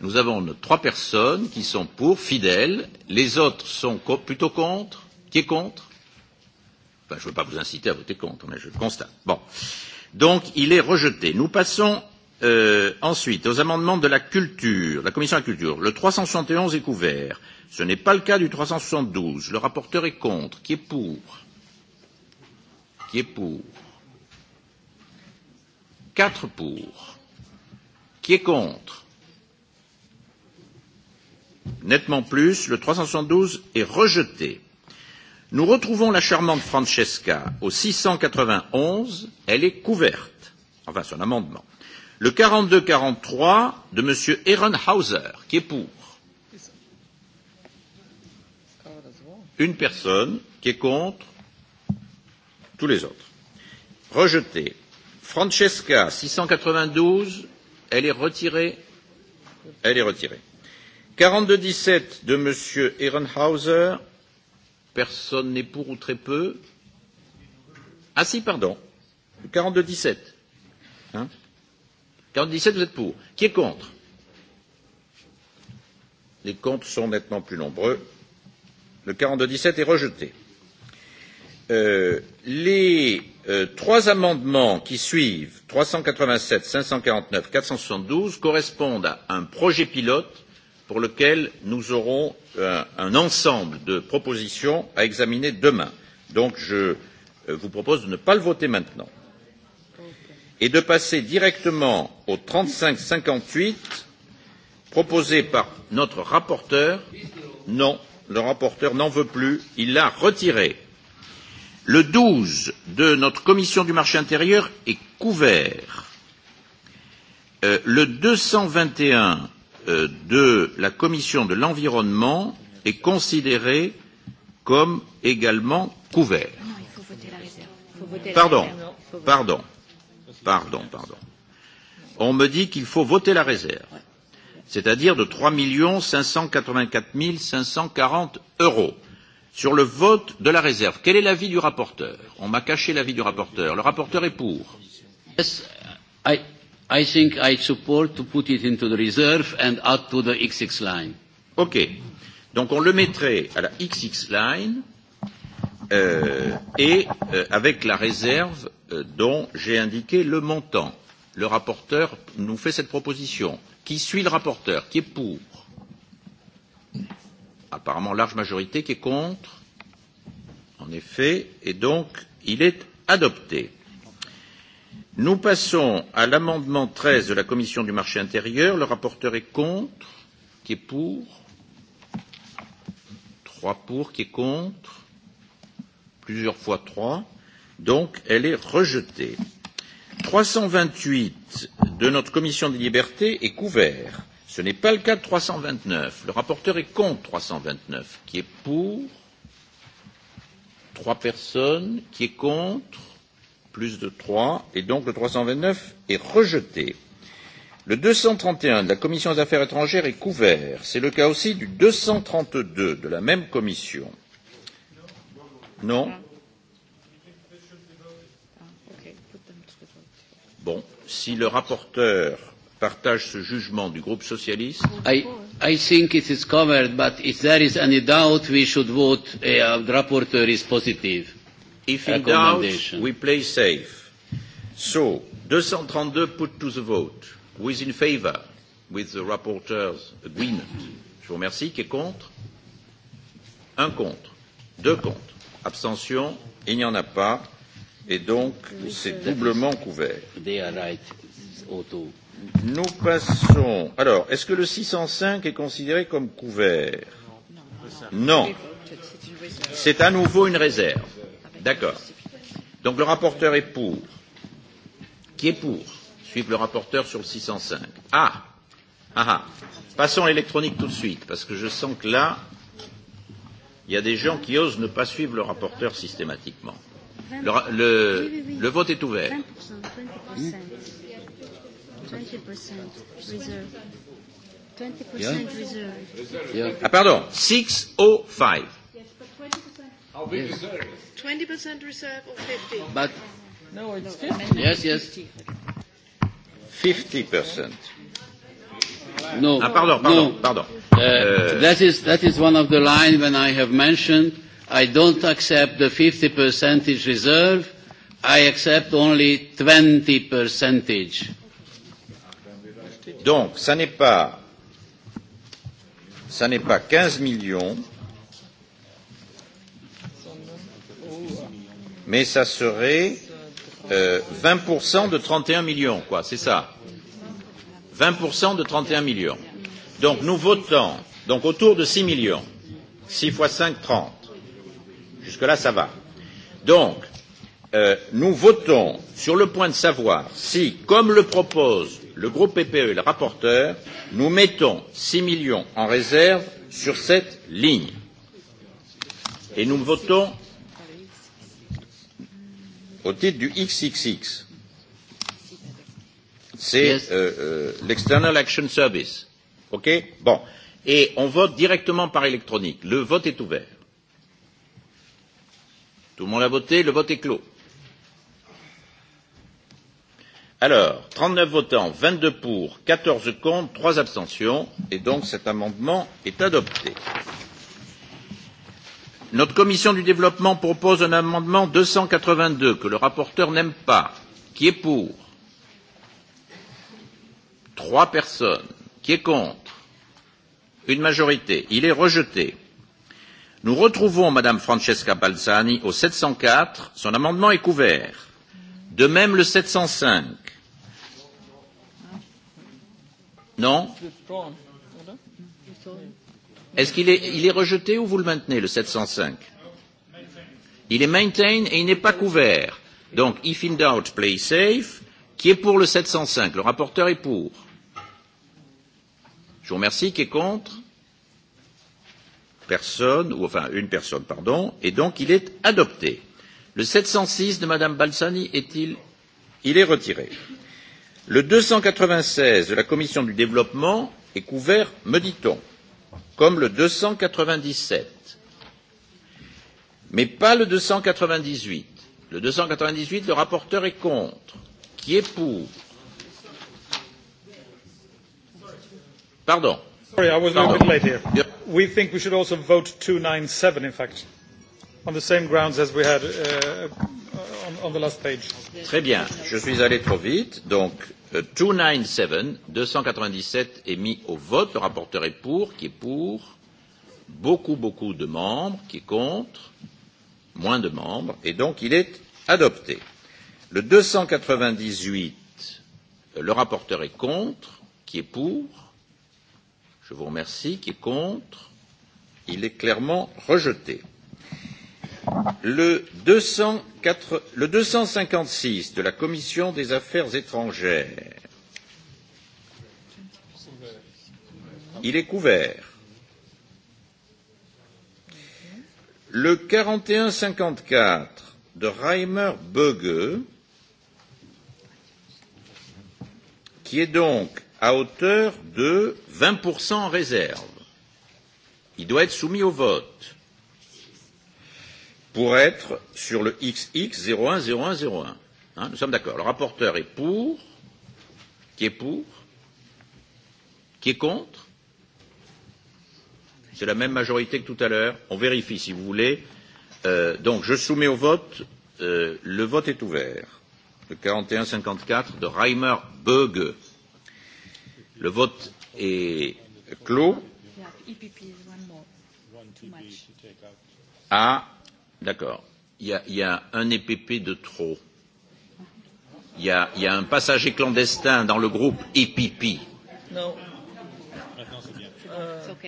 Nous avons trois personnes qui sont pour, fidèles. Les autres sont plutôt contre. Qui est contre Enfin, je ne veux pas vous inciter à voter contre, mais je le constate. Bon. Donc, il est rejeté. Nous passons ensuite, aux amendements de la culture, la commission de la culture, le trois cent soixante et onze est couvert. Ce n'est pas le cas du trois cent soixante douze. Le rapporteur est contre. Qui est pour Qui est pour Quatre pour. Qui est contre Nettement plus, le trois cent soixante douze est rejeté. Nous retrouvons la charmante Francesca au six cent quatre-vingt-onze. Elle est couverte. Enfin, son amendement. Le 42-43 de M. Ehrenhauser, qui est pour. Une personne qui est contre. Tous les autres. Rejeté. Francesca, 692, elle est retirée. Elle est retirée. 42-17 de M. Ehrenhauser. Personne n'est pour ou très peu. Ah si, pardon. 42-17. Hein 47, vous êtes pour. Qui est contre Les comptes sont nettement plus nombreux. Le 42-17 est rejeté. Euh, les euh, trois amendements qui suivent, 387, 549, 472, correspondent à un projet pilote pour lequel nous aurons un, un ensemble de propositions à examiner demain. Donc je vous propose de ne pas le voter maintenant et de passer directement au trente cinq cinquante huit proposé par notre rapporteur non le rapporteur n'en veut plus il l'a retiré le douze de notre commission du marché intérieur est couvert le deux cent vingt et un de la commission de l'environnement est considéré comme également couvert. Pardon, pardon. Pardon, pardon. On me dit qu'il faut voter la réserve, c'est-à-dire de 3 584 540 euros. Sur le vote de la réserve, quel est l'avis du rapporteur On m'a caché l'avis du rapporteur. Le rapporteur est pour. Yes, I, I think I support to put it into the reserve and add to the XX line. OK. Donc on le mettrait à la XX line et avec la réserve dont j'ai indiqué le montant. Le rapporteur nous fait cette proposition. Qui suit le rapporteur Qui est pour Apparemment large majorité. Qui est contre En effet. Et donc, il est adopté. Nous passons à l'amendement treize de la Commission du marché intérieur. Le rapporteur est contre. Qui est pour Trois pour. Qui est contre plusieurs fois trois, donc elle est rejetée. Trois cent vingt huit de notre commission des libertés est couvert. Ce n'est pas le cas de trois cent vingt neuf. Le rapporteur est contre trois cent vingt neuf, qui est pour trois personnes, qui est contre plus de trois, et donc le trois cent vingt neuf est rejeté. Le deux cent trente et un de la commission des affaires étrangères est couvert. C'est le cas aussi du deux cent trente deux de la même commission. Non Bon, si le rapporteur partage ce jugement du groupe socialiste. I, I think it is covered, but if there is any doubt, we should vote. Uh, the rapporteur is positive. If in doubt, we play safe. So, 232 put to the vote. Who is in favour with the rapporteur's agreement Je vous remercie. Qui est contre Un contre. Deux contre. Abstention Il n'y en a pas. Et donc, c'est doublement couvert. Nous passons. Alors, est-ce que le 605 est considéré comme couvert Non. C'est à nouveau une réserve. D'accord. Donc le rapporteur est pour. Qui est pour Suive le rapporteur sur le 605. Ah Ah ah Passons à l'électronique tout de suite, parce que je sens que là, Il y a des gens qui osent ne pas suivre le rapporteur systématiquement. Le, le, le vote est ouvert. Ah pardon, 605. How big yes. 20% reserve or 50? But no, it's 50. Yes, yes. 50%. No. Ah, pardon, pardon, no. pardon. Uh, uh, that, is, that is one of the lines when I have mentioned I don't accept the 50 percentage reserve. I accept only 20 percentage. Donc, ça n'est pas, ça n'est pas 15 millions, mais ça serait euh, 20% de 31 millions, quoi, c'est ça. 20% de 31 millions. Donc nous votons donc autour de 6 millions. 6 fois 5, 30. Jusque-là, ça va. Donc, euh, nous votons sur le point de savoir si, comme le propose le groupe PPE et le rapporteur, nous mettons 6 millions en réserve sur cette ligne. Et nous votons au titre du XXX c'est l'External Action Service. OK Bon. Et on vote directement par électronique. Le vote est ouvert. Tout le monde a voté, le vote est clos. Alors, 39 votants, 22 pour, 14 contre, 3 abstentions, et donc cet amendement est adopté. Notre commission du développement propose un amendement 282 que le rapporteur n'aime pas. Qui est pour Trois personnes. Qui est contre Une majorité. Il est rejeté. Nous retrouvons Madame Francesca Balzani au 704. Son amendement est couvert. De même le 705. Non Est-ce qu'il est, il est rejeté ou vous le maintenez, le 705 Il est maintained et il n'est pas couvert. Donc, if in doubt, play safe. Qui est pour le 705 Le rapporteur est pour. Je vous remercie. Qui est contre Personne, ou enfin une personne, pardon. Et donc il est adopté. Le 706 de Madame Balsani est-il Il est retiré. Le 296 de la Commission du développement est couvert, me dit-on, comme le 297, mais pas le 298. Le 298, le rapporteur est contre. Qui est pour Pardon. Sorry, I was a bit late here. We think we should also vote 297, in fact, on the same grounds as we had uh, on, on the last page. Très bien. Je suis allé trop vite. Donc, uh, 297, 297 est mis au vote. Le rapporteur est pour. Qui est pour Beaucoup, beaucoup de membres. Qui est contre Moins de membres. Et donc, il est adopté. Le deux cent quatre-vingt-dix huit, le rapporteur est contre. Qui est pour Je vous remercie. Qui est contre Il est clairement rejeté. Le deux cent cinquante six de la Commission des affaires étrangères. Il est couvert. Le quarante et un cinquante quatre de Reimer Böge, qui est donc à hauteur de 20% en réserve. Il doit être soumis au vote pour être sur le XX010101. Hein, nous sommes d'accord. Le rapporteur est pour. Qui est pour Qui est contre C'est la même majorité que tout à l'heure. On vérifie si vous voulez. Euh, donc je soumets au vote. Euh, le vote est ouvert. Le 41-54 de Reimer Böge. Le vote est clos. Ah, d'accord. Il y, a, il y a un EPP de trop. Il y, a, il y a un passager clandestin dans le groupe EPP. Non.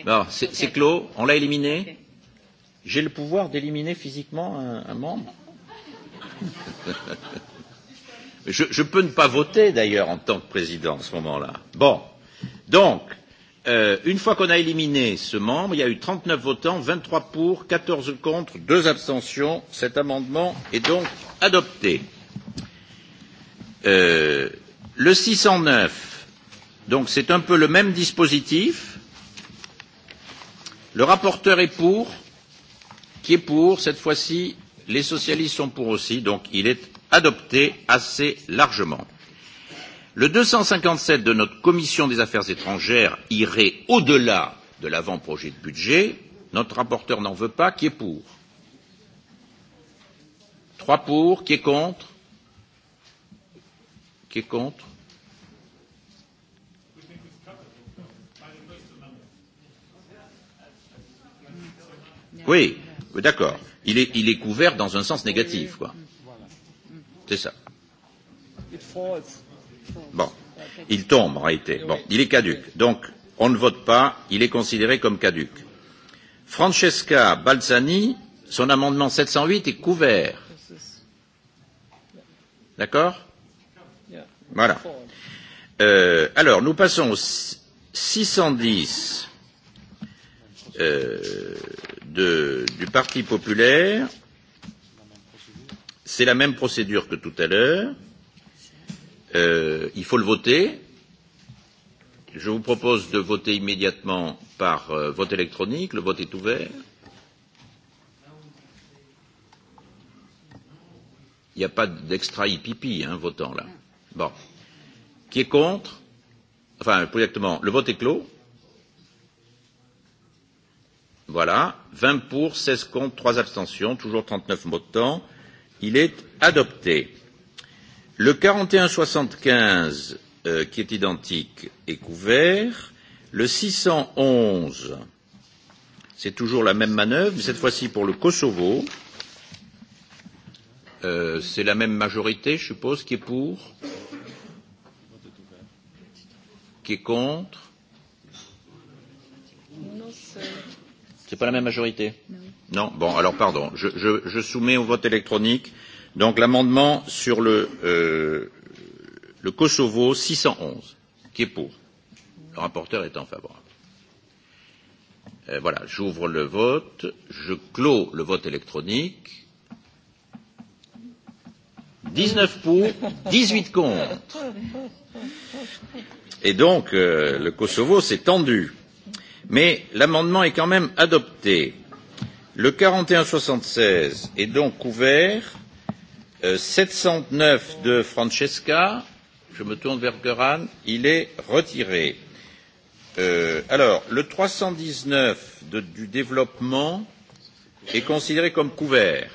Bon, c'est clos. On l'a éliminé. J'ai le pouvoir d'éliminer physiquement un, un membre. je, je peux ne pas voter d'ailleurs en tant que président à ce moment-là. Bon. Donc, euh, une fois qu'on a éliminé ce membre, il y a eu 39 votants, 23 pour, 14 contre, 2 abstentions. Cet amendement est donc adopté. Euh, le 609, donc c'est un peu le même dispositif. Le rapporteur est pour. Qui est pour Cette fois-ci, les socialistes sont pour aussi, donc il est adopté assez largement. Le deux cent cinquante sept de notre commission des affaires étrangères irait au-delà de l'avant-projet de budget. Notre rapporteur n'en veut pas. Qui est pour Trois pour. Qui est contre Qui est contre Oui, d'accord. Il est, il est couvert dans un sens négatif, quoi. C'est ça. It falls Bon. Il tombe en réalité. Bon, il est caduque. Donc, on ne vote pas. Il est considéré comme caduc. Francesca Balzani, son amendement 708 est couvert. D'accord Voilà. Euh, alors, nous passons au 610 euh, de, du Parti populaire. C'est la même procédure que tout à l'heure. Euh, il faut le voter. Je vous propose de voter immédiatement par euh, vote électronique. Le vote est ouvert. Il n'y a pas d'extra IPP, hein, votant là. Bon. Qui est contre Enfin, plus exactement, le vote est clos. Voilà. 20 pour, 16 contre, 3 abstentions, toujours 39 votants. Il est adopté. Le 4175, euh, qui est identique, est couvert. Le 611, c'est toujours la même manœuvre, mais cette fois-ci pour le Kosovo. Euh, c'est la même majorité, je suppose, qui est pour Qui est contre C'est pas la même majorité Non. Bon, alors pardon. Je, je, je soumets au vote électronique Donc l'amendement sur le, euh, le Kosovo 611, qui est pour. Le rapporteur étant favorable. Euh, voilà, j'ouvre le vote, je clos le vote électronique. 19 pour, 18 contre. Et donc, euh, le Kosovo s'est tendu. Mais l'amendement est quand même adopté. Le 41-76 est donc couvert sept cent neuf de Francesca, je me tourne vers Göran, il est retiré. alors, le trois cent dix neuf du développement est considéré comme couvert.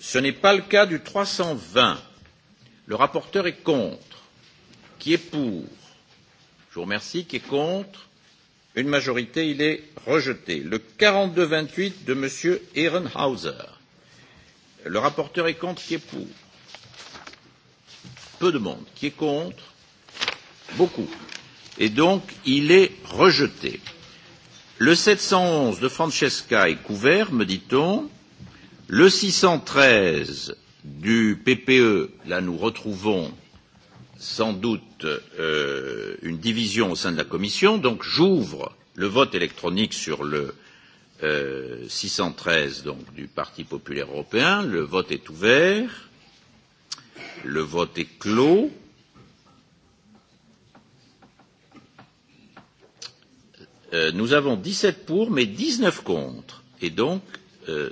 Ce n'est pas le cas du trois cent vingt. Le rapporteur est contre. Qui est pour Je vous remercie. Qui est contre Une majorité, il est rejeté. Le quarante deux vingt huit de M. Ehrenhauser. Le rapporteur est contre, qui est pour Peu de monde. Qui est contre Beaucoup. Et donc, il est rejeté. Le 711 de Francesca est couvert, me dit-on. Le 613 du PPE, là nous retrouvons sans doute euh, une division au sein de la Commission, donc j'ouvre le vote électronique sur le six cent treize donc du Parti populaire européen. Le vote est ouvert. Le vote est clos. Nous avons dix sept pour, mais dix neuf contre. Et donc,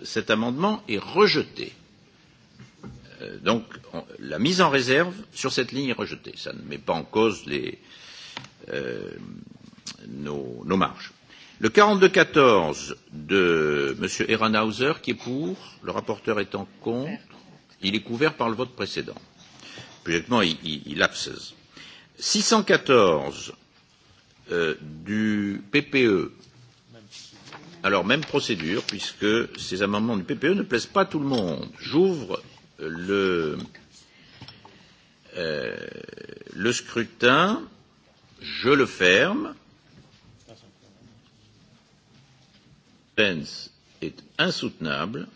cet amendement est rejeté. Donc, la mise en réserve sur cette ligne est rejetée. Ça ne met pas en cause les, nos, nos marges. Le 42-14 de M. Ehrenhauser, qui est pour, le rapporteur étant contre, il est couvert par le vote précédent. exactement, il, il, il abscèse. 614 euh, du PPE. Alors, même procédure, puisque ces amendements du PPE ne plaisent pas à tout le monde. J'ouvre le, euh, le scrutin, je le ferme. Pence est insoutenable.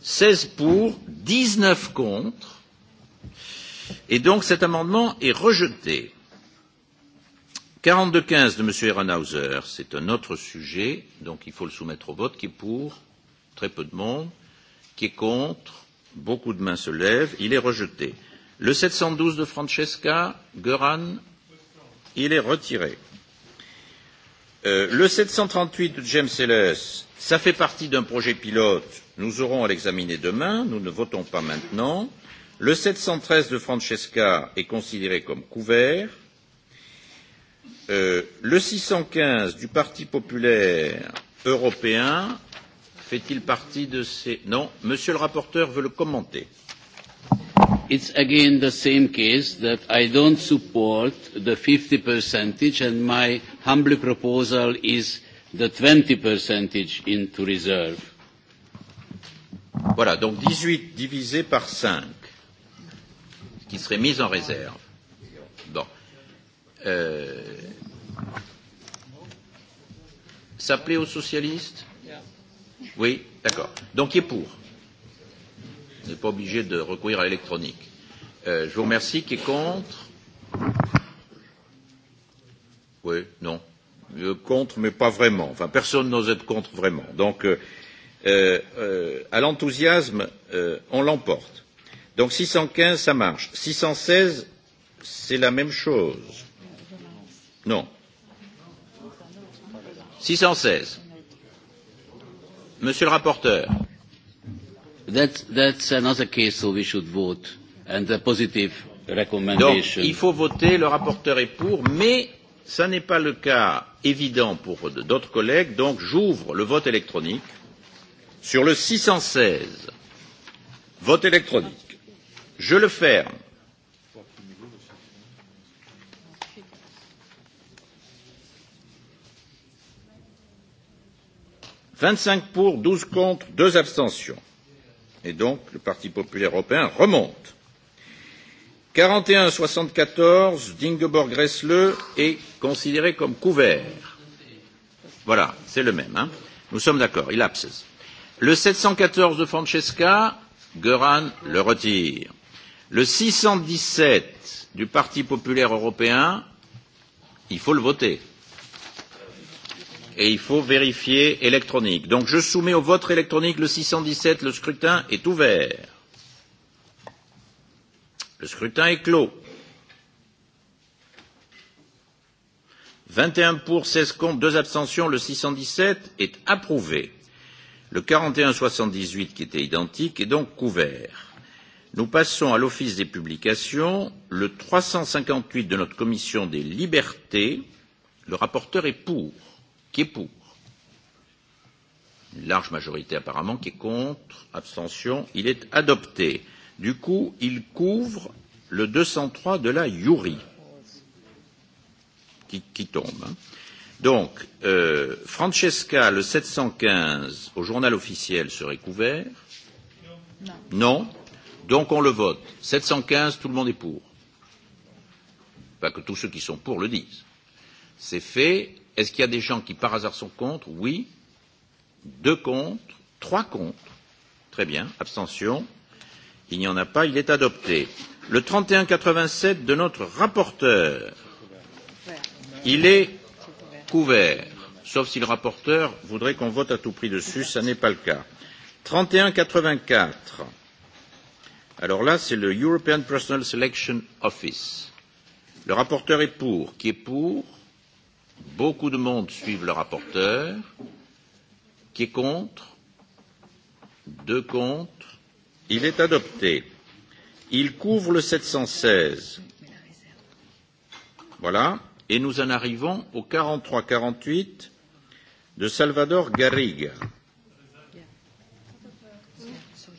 16 pour, 19 contre. Et donc cet amendement est rejeté. 42 quinze de M. Ehrenhauser, c'est un autre sujet, donc il faut le soumettre au vote, qui est pour, très peu de monde, qui est contre, beaucoup de mains se lèvent, il est rejeté. Le 712 de Francesca, Göran, il est retiré le sept cent trente huit de James Elles, fait partie d'un projet pilote. Nous aurons à l'examiner demain. Nous ne votons pas maintenant. Le sept cent treize de Francesca est considéré comme couvert. le six cent quinze du Parti populaire européen fait-il partie de ces... Non, monsieur le rapporteur veut le commenter. It's again the same case that I don't support the 50 percentage and my humble proposal is the 20 percentage into reserve. Voilà, donc 18 divisé par 5, qui serait mise en réserve. Bon. Euh... Ça plaît aux socialistes Oui, d'accord. Donc il est pour On n'est pas obligé de recourir à l'électronique. Euh, je vous remercie. Qui est contre Oui, non. Euh, contre, mais pas vraiment. Enfin, personne n'ose être contre vraiment. Donc, euh, euh, à l'enthousiasme, euh, on l'emporte. Donc 615, ça marche. 616, c'est la même chose. Non. 616. Monsieur le rapporteur. That's, that's another case, we should vote. And positive recommendation. Donc, il faut voter, le rapporteur est pour, mais ça n'est pas le cas évident pour d'autres collègues, donc j'ouvre le vote électronique sur le 616. Vote électronique. Je le ferme. Vingt-cinq pour, douze contre, deux abstentions et donc le Parti populaire européen remonte. Quarante et un soixante quatorze d'Ingeborg Gressle est considéré comme couvert. Voilà, c'est le même. Hein Nous sommes d'accord, il abscesse. Le sept cent quatorze de Francesca, Göran le retire. Le six cent dix sept du Parti populaire européen, il faut le voter et il faut vérifier électronique. Donc je soumets au vote électronique le 617, le scrutin est ouvert. Le scrutin est clos. 21 pour, 16 contre, 2 abstentions, le 617 est approuvé. Le 4178 qui était identique est donc couvert. Nous passons à l'Office des publications, le 358 de notre commission des libertés. Le rapporteur est pour qui est pour. Une large majorité apparemment qui est contre. Abstention. Il est adopté. Du coup, il couvre le 203 de la Yuri qui, qui tombe. Hein. Donc, euh, Francesca, le 715 au journal officiel serait couvert Non. non Donc on le vote. 715, tout le monde est pour. Pas que tous ceux qui sont pour le disent. C'est fait. Est-ce qu'il y a des gens qui par hasard sont contre Oui. Deux contre. Trois contre. Très bien. Abstention. Il n'y en a pas. Il est adopté. Le 3187 de notre rapporteur. Il est couvert. Sauf si le rapporteur voudrait qu'on vote à tout prix dessus. Ça n'est pas le cas. 3184. Alors là, c'est le European Personal Selection Office. Le rapporteur est pour. Qui est pour Beaucoup de monde suivent le rapporteur. Qui est contre Deux contre. Il est adopté. Il couvre le 716. Voilà. Et nous en arrivons au 43-48 de Salvador Garriga.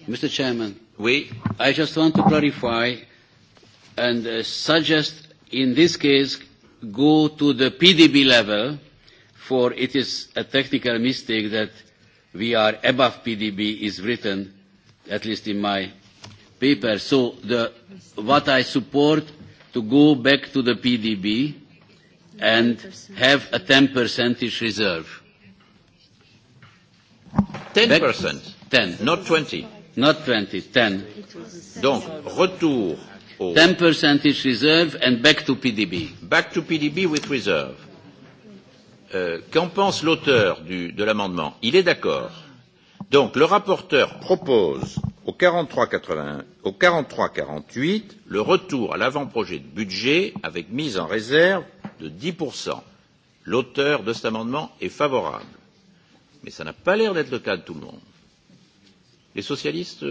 Mr. Chairman, oui. I just want to clarify and suggest in this case go to the PDB level, for it is a technical mistake that we are above PDB is written, at least in my paper. So the, what I support to go back to the PDB and have a 10% percentage reserve. 10%? percent? 10. Not 20. Not 20, 10. Donc, retour or? 10% is reserve and back to PDB. Back to PDB with reserve. Euh, Qu'en pense l'auteur de l'amendement Il est d'accord. Donc le rapporteur propose au 43-48 au 43 le retour à l'avant-projet de budget avec mise en réserve de 10%. L'auteur de cet amendement est favorable. Mais ça n'a pas l'air d'être le cas de tout le monde. Les socialistes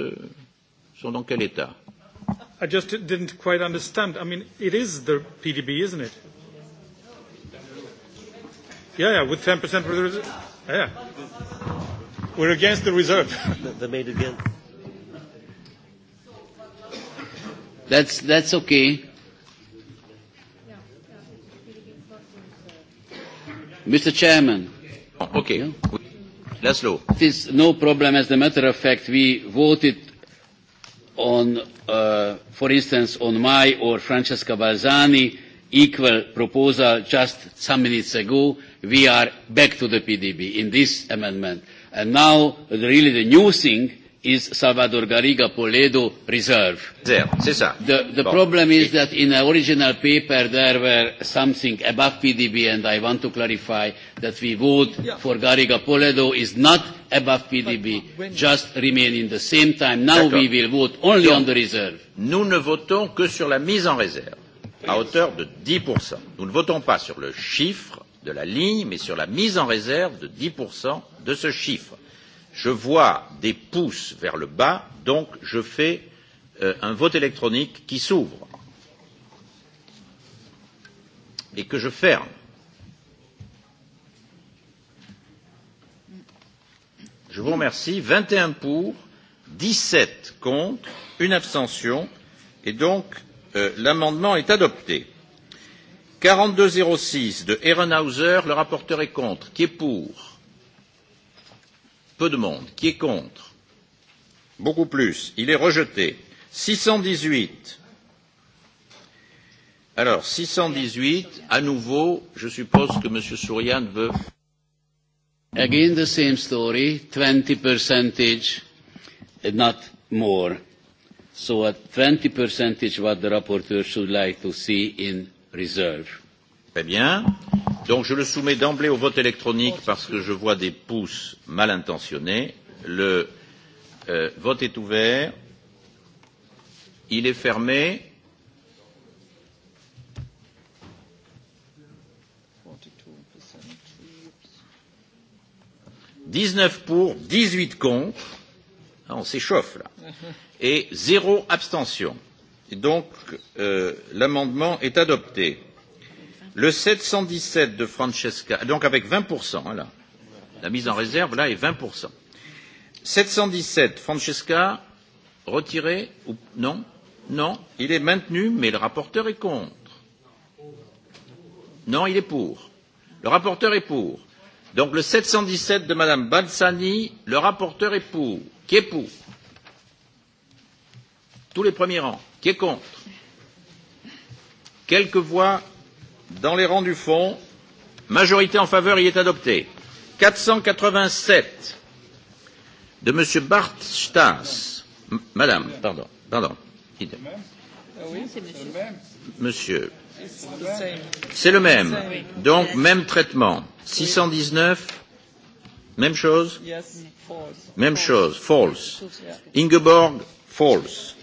sont dans quel état I just didn't quite understand. I mean, it is the PDB, isn't it? Yeah, yeah, with 10% for the reserve. Yeah. We're against the reserve. They made again. That's, that's okay. Mr. Chairman. Okay. Laszlo. It is no problem. As a matter of fact, we voted on, uh, for instance, on my or Francesca Balzani equal proposal just some minutes ago, we are back to the PDB in this amendment. And now really the new thing is Salvador Garriga Poledo Reserve. There, the, the bon. problem is that in the original paper there were something above PDB and I want to clarify that we vote yeah. for Garriga Poledo is not above PDB, when... just remain in the same time. Now we will vote only Donc, on the reserve. Nous ne votons que sur la mise en réserve à hauteur de 10%. Nous ne votons pas sur le chiffre de la ligne, mais sur la mise en réserve de 10% de ce chiffre je vois des pouces vers le bas, donc je fais un vote électronique qui s'ouvre et que je ferme. Je vous remercie. Vingt et un pour, dix sept contre, une abstention et donc l'amendement est adopté. Quarante deux zéro six de Ehrenhauser, le rapporteur est contre. Qui est pour? Peu de monde. Qui est contre Beaucoup plus. Il est rejeté. Six cent dix-huit. Alors, six cent dix-huit, à nouveau, je suppose que M. Souriane veut. Again, the same story, 20 percentage, not more. So, at 20 percentage, what the rapporteur should like to see in reserve. Très bien. Donc je le soumets d'emblée au vote électronique parce que je vois des pouces mal intentionnés. Le euh, vote est ouvert. Il est fermé. dix neuf pour, dix huit contre. On s'échauffe là. Et zéro abstention. Et donc euh, l'amendement est adopté. Le sept cent dix sept de Francesca, donc avec vingt là, la mise en réserve là est vingt sept cent dix sept Francesca, retiré ou non Non, il est maintenu, mais le rapporteur est contre. Non, il est pour. Le rapporteur est pour. Donc le sept cent dix sept de Madame Balsani, le rapporteur est pour. Qui est pour Tous les premiers rangs. Qui est contre Quelques voix dans les rangs du fond, majorité en faveur, il est adopté. sept de M. Bart Stas. Madame, pardon, pardon. Monsieur. C'est le même. Donc, même traitement. six cent dix neuf, même chose Même chose, false. Ingeborg, false.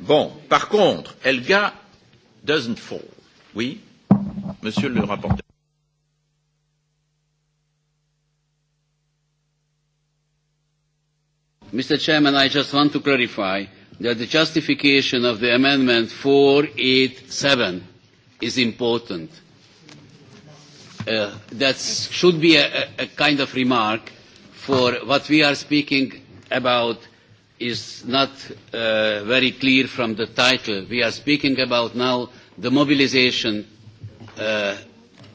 Bon, par contre, Elga doesn't fall monsieur le rapporteur. Mr. Chairman, I just want to clarify that the justification of the amendment seven is important. Uh, that should be a, a kind of remark for what we are speaking about is not uh, very clear from the title. We are speaking about now the mobilization uh,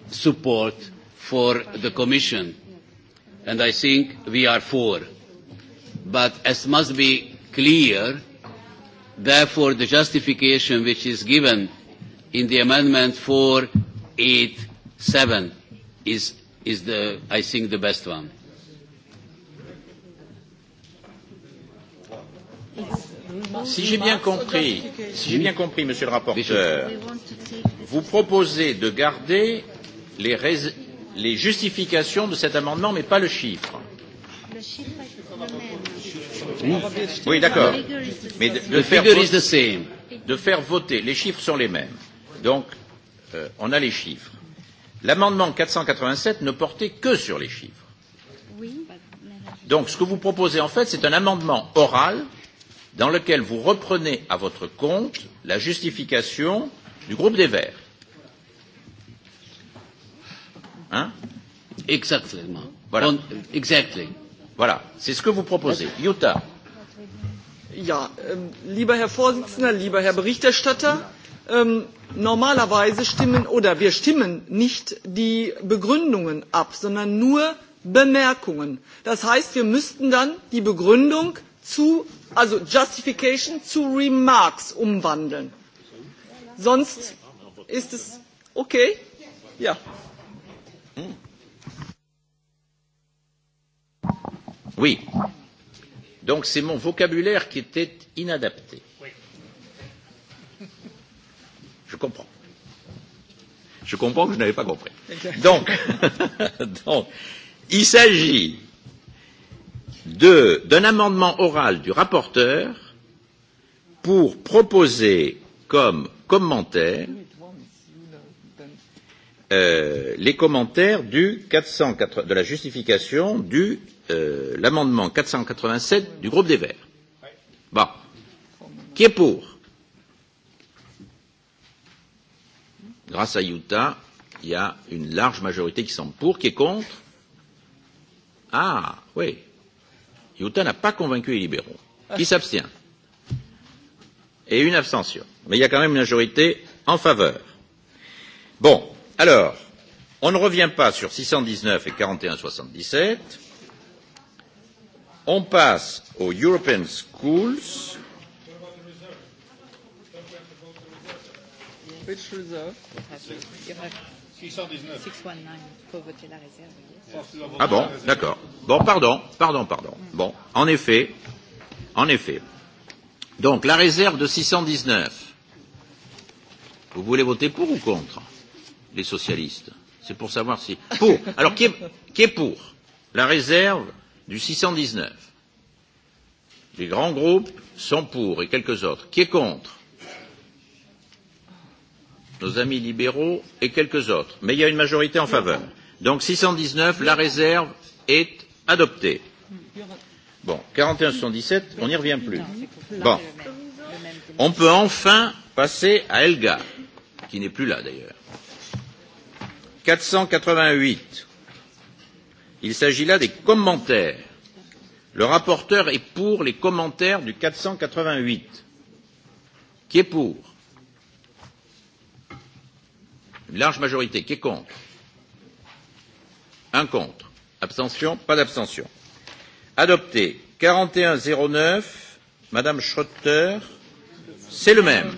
support for the Commission. And I think we are for. But as must be clear, therefore the justification which is given in the amendment 487 is, is the, I think, the best one. Yes. Si j'ai bien compris, si j'ai bien compris, Monsieur le rapporteur, vous proposez de garder les, rais... les justifications de cet amendement, mais pas le chiffre. Oui, d'accord. Mais de, de, faire voter, de faire voter, les chiffres sont les mêmes. Donc, euh, on a les chiffres. L'amendement 487 ne portait que sur les chiffres. Donc, ce que vous proposez en fait, c'est un amendement oral dans lequel vous reprenez à votre compte la justification du groupe des Verts. Hein Exactement. Voilà. On, exactly. Voilà, c'est ce que vous proposez. Utah. Ja, äh, lieber Herr Vorsitzender, lieber Herr Berichterstatter, ähm, normalerweise stimmen oder wir stimmen nicht die Begründungen ab, sondern nur Bemerkungen. Das heißt, wir müssten dann die Begründung zu also Justification zu Remarks umwandeln. Sonst ist es okay? Ja. Oui. Donc c'est mon vocabulaire qui était inadapté. Je comprends. Je comprends que je n'avais pas compris. Donc, donc il s'agit d'un amendement oral du rapporteur pour proposer comme commentaire euh, les commentaires du 480, de la justification de euh, l'amendement 487 du groupe des Verts. Bon. Qui est pour Grâce à Utah, il y a une large majorité qui semble pour. Qui est contre Ah, oui. Utah n'a pas convaincu les libéraux. Qui s'abstient Et une abstention. Mais il y a quand même une majorité en faveur. Bon, alors, on ne revient pas sur 619 et 4177. On passe aux European Schools. Which reserve? 619. faut voter la réserve. Ah bon, d'accord. Bon, pardon, pardon, pardon. Bon, en effet, en effet. Donc, la réserve de 619, vous voulez voter pour ou contre les socialistes C'est pour savoir si... Pour Alors, qui est, qui est pour la réserve du 619 Les grands groupes sont pour et quelques autres. Qui est contre nos amis libéraux et quelques autres, mais il y a une majorité en faveur. Donc six cent dix neuf, la réserve est adoptée. Bon, quarante et un dix sept, on n'y revient plus. Bon, on peut enfin passer à Helga, qui n'est plus là d'ailleurs. 488. Il s'agit là des commentaires. Le rapporteur est pour les commentaires du 488. Qui est pour Une large majorité. Qui est contre Un contre. Abstention Pas d'abstention. Adopté. 4109, Madame Schroeter, c'est le même.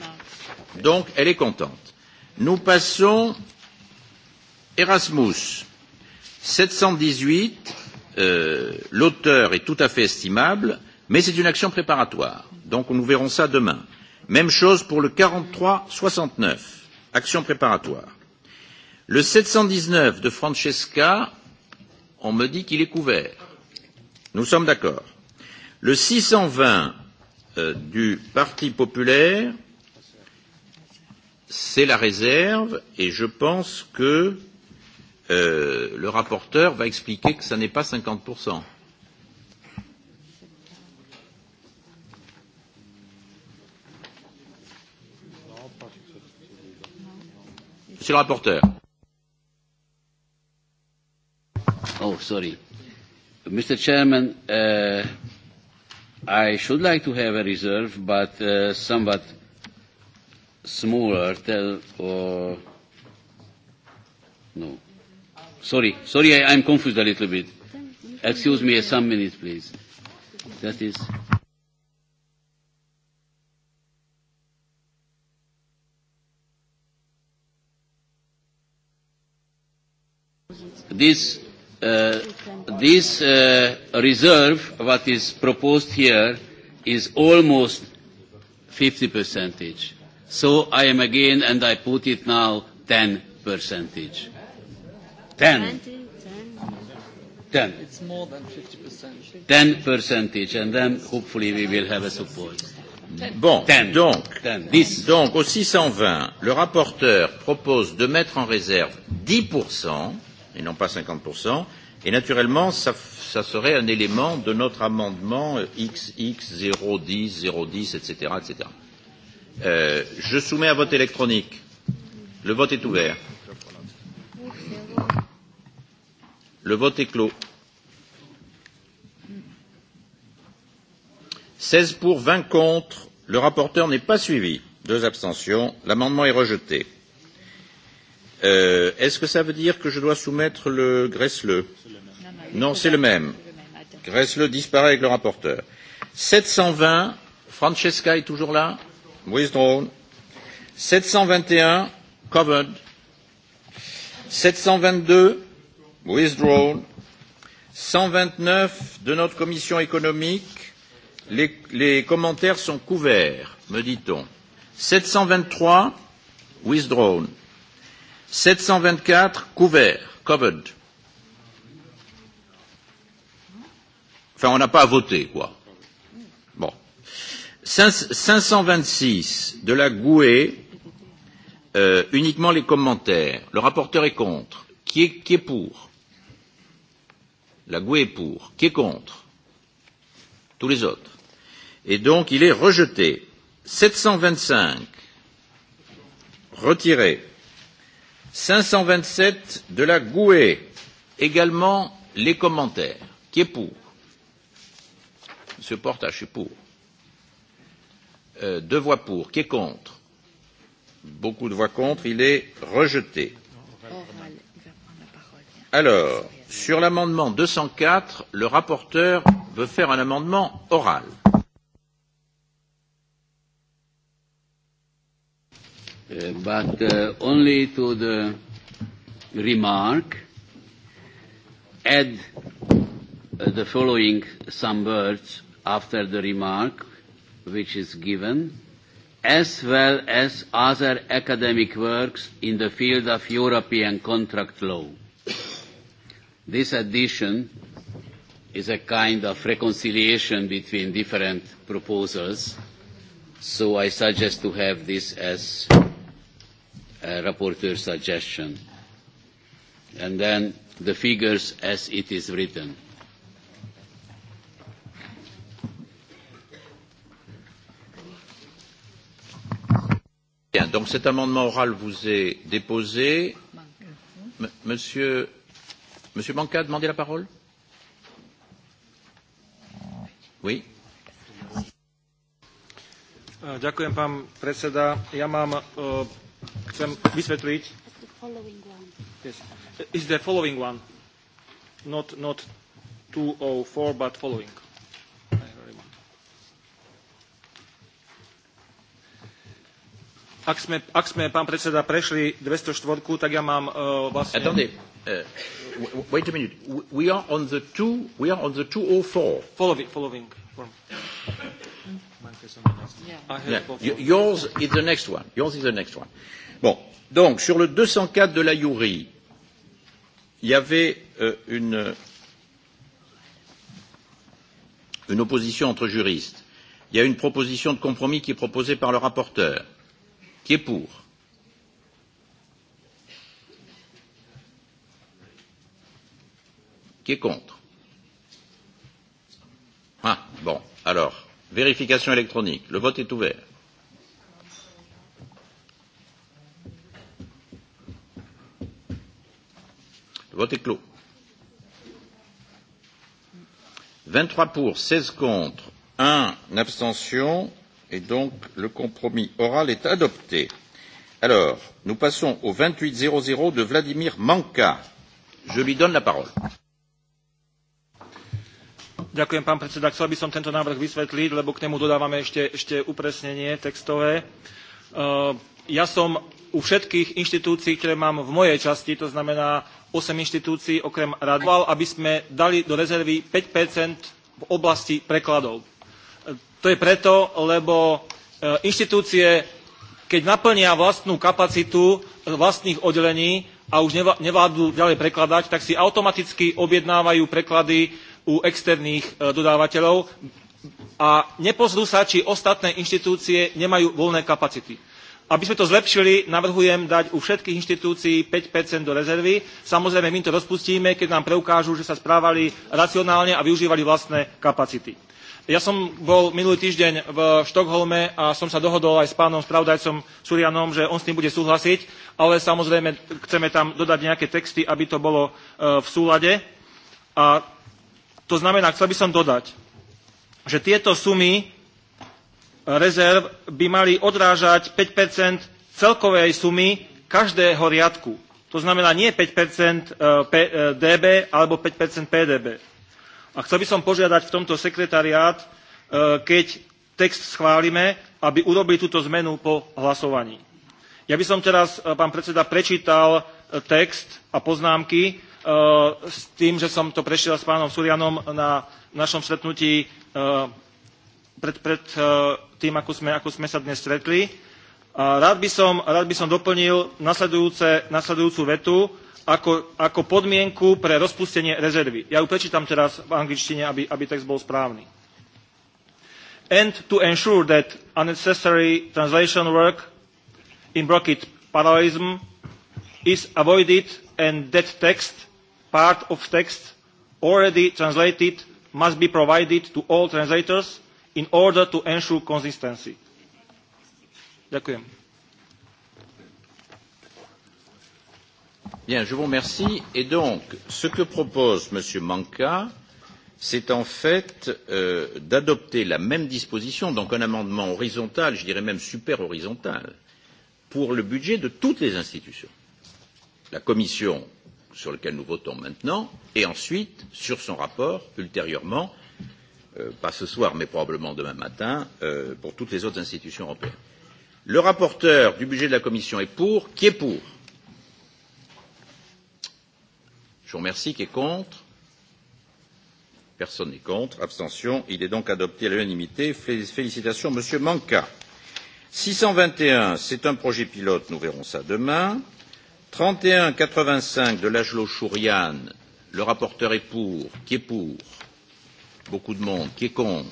Donc, elle est contente. Nous passons Erasmus. 718, euh, l'auteur est tout à fait estimable, mais c'est une action préparatoire. Donc, nous verrons ça demain. Même chose pour le 4369, action préparatoire. Le 719 de Francesca, on me dit qu'il est couvert. Nous sommes d'accord. Le 620 euh, du Parti populaire, c'est la réserve, et je pense que euh, le rapporteur va expliquer que ce n'est pas 50%. Monsieur le rapporteur. Oh, sorry. Mr. Chairman, uh, I should like to have a reserve, but uh, somewhat smaller. Tell or no. Sorry, sorry, I, I'm confused a little bit. Excuse me, some minutes, please. That is. This uh, this uh, reserve, what is proposed here, is almost 50 percentage. So I am again, and I put it now, 10 percentage. 10. 10. It's more than 50 percentage. 10 percentage, and then hopefully we will have a support. Bon, donc, donc au 620, le rapporteur propose de mettre en réserve 10 et non pas 50%. Et naturellement, ça, ça serait un élément de notre amendement XX 010, 010, etc. etc. Euh, je soumets à vote électronique. Le vote est ouvert. Le vote est clos. 16 pour, 20 contre. Le rapporteur n'est pas suivi. Deux abstentions. L'amendement est rejeté. Euh, Est-ce que ça veut dire que je dois soumettre le Gressle Non, c'est le même. Gressle disparaît avec le rapporteur. 720, Francesca est toujours là Withdrawn. 721, covered. 722, withdrawn. 129 de notre commission économique, les, les commentaires sont couverts, me dit-on. 723, withdrawn. 724 couvert, covered. Enfin, on n'a pas à voter, quoi. Bon. 526 de la GUE, euh, uniquement les commentaires. Le rapporteur est contre. Qui est, qui est pour La GUE est pour. Qui est contre Tous les autres. Et donc, il est rejeté. 725, retiré. 527 de la GUE, également les commentaires. Qui est pour Monsieur Portage est pour. Euh, deux voix pour. Qui est contre Beaucoup de voix contre. Il est rejeté. Alors, sur l'amendement 204, le rapporteur veut faire un amendement oral. but uh, only to the remark add uh, the following some words after the remark which is given as well as other academic works in the field of European contract law. This addition is a kind of reconciliation between different proposals, so I suggest to have this as rapporteur suggestion. And then the figures as it is written. Bien, donc cet amendement oral vous est déposé. Monsieur, Monsieur Manca a demandé la parole Oui. Merci, monsieur le Président. Je chcem vysvetliť. Yes. Is the following one. Not, not 204, but following. Ak sme, ak sme, pán predseda, prešli 204, tak ja mám uh, vlastne... Attendez, uh, wait a minute. We are on the, two, we are on the 204. Following, following. Yours is the next one. Yours is the next one. Bon. Donc, sur le 204 de la Youri, il y avait euh, une, une opposition entre juristes. Il y a une proposition de compromis qui est proposée par le rapporteur. Qui est pour Qui est contre Ah, bon, alors, Vérification électronique. Le vote est ouvert. Le vote est clos. 23 pour, 16 contre, 1 abstention et donc le compromis oral est adopté. Alors, nous passons au 2800 de Vladimir Manka. Je lui donne la parole. Ďakujem, pán predseda. Chcel by som tento návrh vysvetliť, lebo k nemu dodávame ešte, ešte upresnenie textové. Ja som u všetkých inštitúcií, ktoré mám v mojej časti, to znamená 8 inštitúcií, okrem radoval, aby sme dali do rezervy 5 v oblasti prekladov. To je preto, lebo inštitúcie, keď naplnia vlastnú kapacitu vlastných oddelení a už nevládnu ďalej prekladať, tak si automaticky objednávajú preklady u externých dodávateľov a nepozrú sa, či ostatné inštitúcie nemajú voľné kapacity. Aby sme to zlepšili, navrhujem dať u všetkých inštitúcií 5 do rezervy. Samozrejme, my to rozpustíme, keď nám preukážu, že sa správali racionálne a využívali vlastné kapacity. Ja som bol minulý týždeň v Štokholme a som sa dohodol aj s pánom spravodajcom Surianom, že on s tým bude súhlasiť, ale samozrejme chceme tam dodať nejaké texty, aby to bolo v súlade. A To znamená, chcel by som dodať, že tieto sumy rezerv by mali odrážať 5 celkovej sumy každého riadku. To znamená nie 5 DB alebo 5 PDB. A chcel by som požiadať v tomto sekretariát, keď text schválime, aby urobili túto zmenu po hlasovaní. Ja by som teraz, pán predseda, prečítal text a poznámky, s tým, že som to prešiel s pánom Surianom na našom stretnutí pred, pred tým, ako sme, ako sme sa dnes stretli. Rád by som, rád by som doplnil nasledujúcu vetu ako, ako podmienku pre rozpustenie rezervy. Ja ju prečítam teraz v angličtine, aby, aby text bol správny. And to ensure that unnecessary translation work in bracket parallelism is avoided and that text part of text already translated must be provided to all translators in order to ensure consistency. Ďakujem. Bien, je vous remercie. Et donc, ce que propose M. Manca, c'est en fait d'adopter la même disposition, donc un amendement horizontal, je dirais même super horizontal, pour le budget de toutes les institutions. La Commission sur lequel nous votons maintenant, et ensuite sur son rapport ultérieurement, pas ce soir mais probablement demain matin, pour toutes les autres institutions européennes. Le rapporteur du budget de la Commission est pour. Qui est pour Je vous remercie. Qui est contre Personne n'est contre. Abstention. Il est donc adopté à l'unanimité. Félicitations, Monsieur Manca. 621, c'est un projet pilote. Nous verrons ça demain. Trente et un quatre-vingt-cinq de Lajlo Chourian, le rapporteur est pour, qui est pour Beaucoup de monde, qui est contre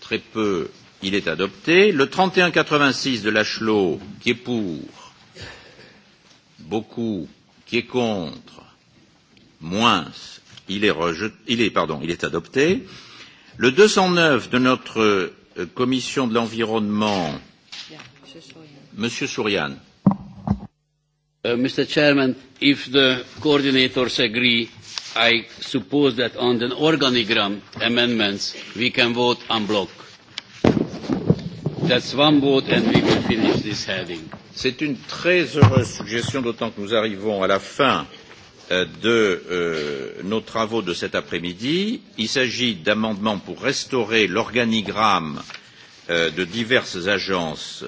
Très peu, il est adopté. Le trente et un quatre-vingt-six de Lachelot, qui est pour Beaucoup, qui est contre Moins, il est, rejeté, il est, pardon, il est adopté. Le deux cent neuf de notre commission de l'environnement, Monsieur Souriane, Mr. Chairman, if the coordinators agree, I suppose that on the organigram amendments, we can vote en bloc. That's one vote and we will finish this heading. C'est une très heureuse suggestion, d'autant que nous arrivons à la fin de nos travaux de cet après-midi. Il s'agit d'amendements pour restaurer l'organigramme euh, de diverses agences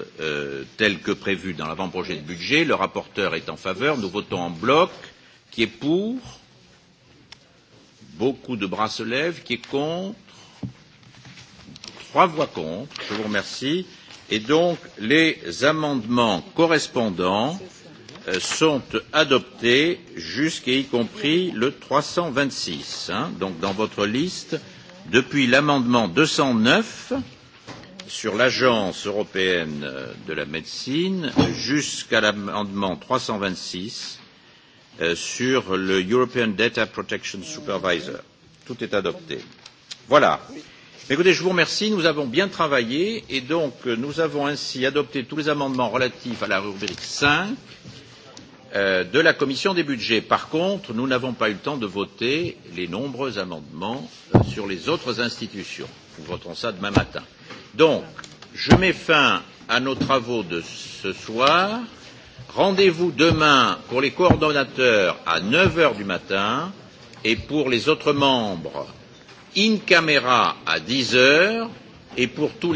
telles que prévues dans l'avant-projet de budget. Le rapporteur est en faveur. Nous votons en bloc. Qui est pour Beaucoup de bras se lèvent. Qui est contre Trois voix contre. Je vous remercie. Et donc, les amendements correspondants sont adoptés jusqu'à y compris le trois cent vingt six. Donc, dans votre liste, depuis l'amendement deux cent neuf sur l'Agence européenne de la médecine jusqu'à l'amendement 326 six sur le European Data Protection Supervisor. Tout est adopté. Voilà. Écoutez, je vous remercie. Nous avons bien travaillé et donc nous avons ainsi adopté tous les amendements relatifs à la rubrique 5 de la commission des budgets. Par contre, nous n'avons pas eu le temps de voter les nombreux amendements sur les autres institutions. Nous voterons ça demain matin. Donc, je mets fin à nos travaux de ce soir. Rendez-vous demain pour les coordonnateurs à neuf heures du matin et pour les autres membres in camera à dix heures et pour tous les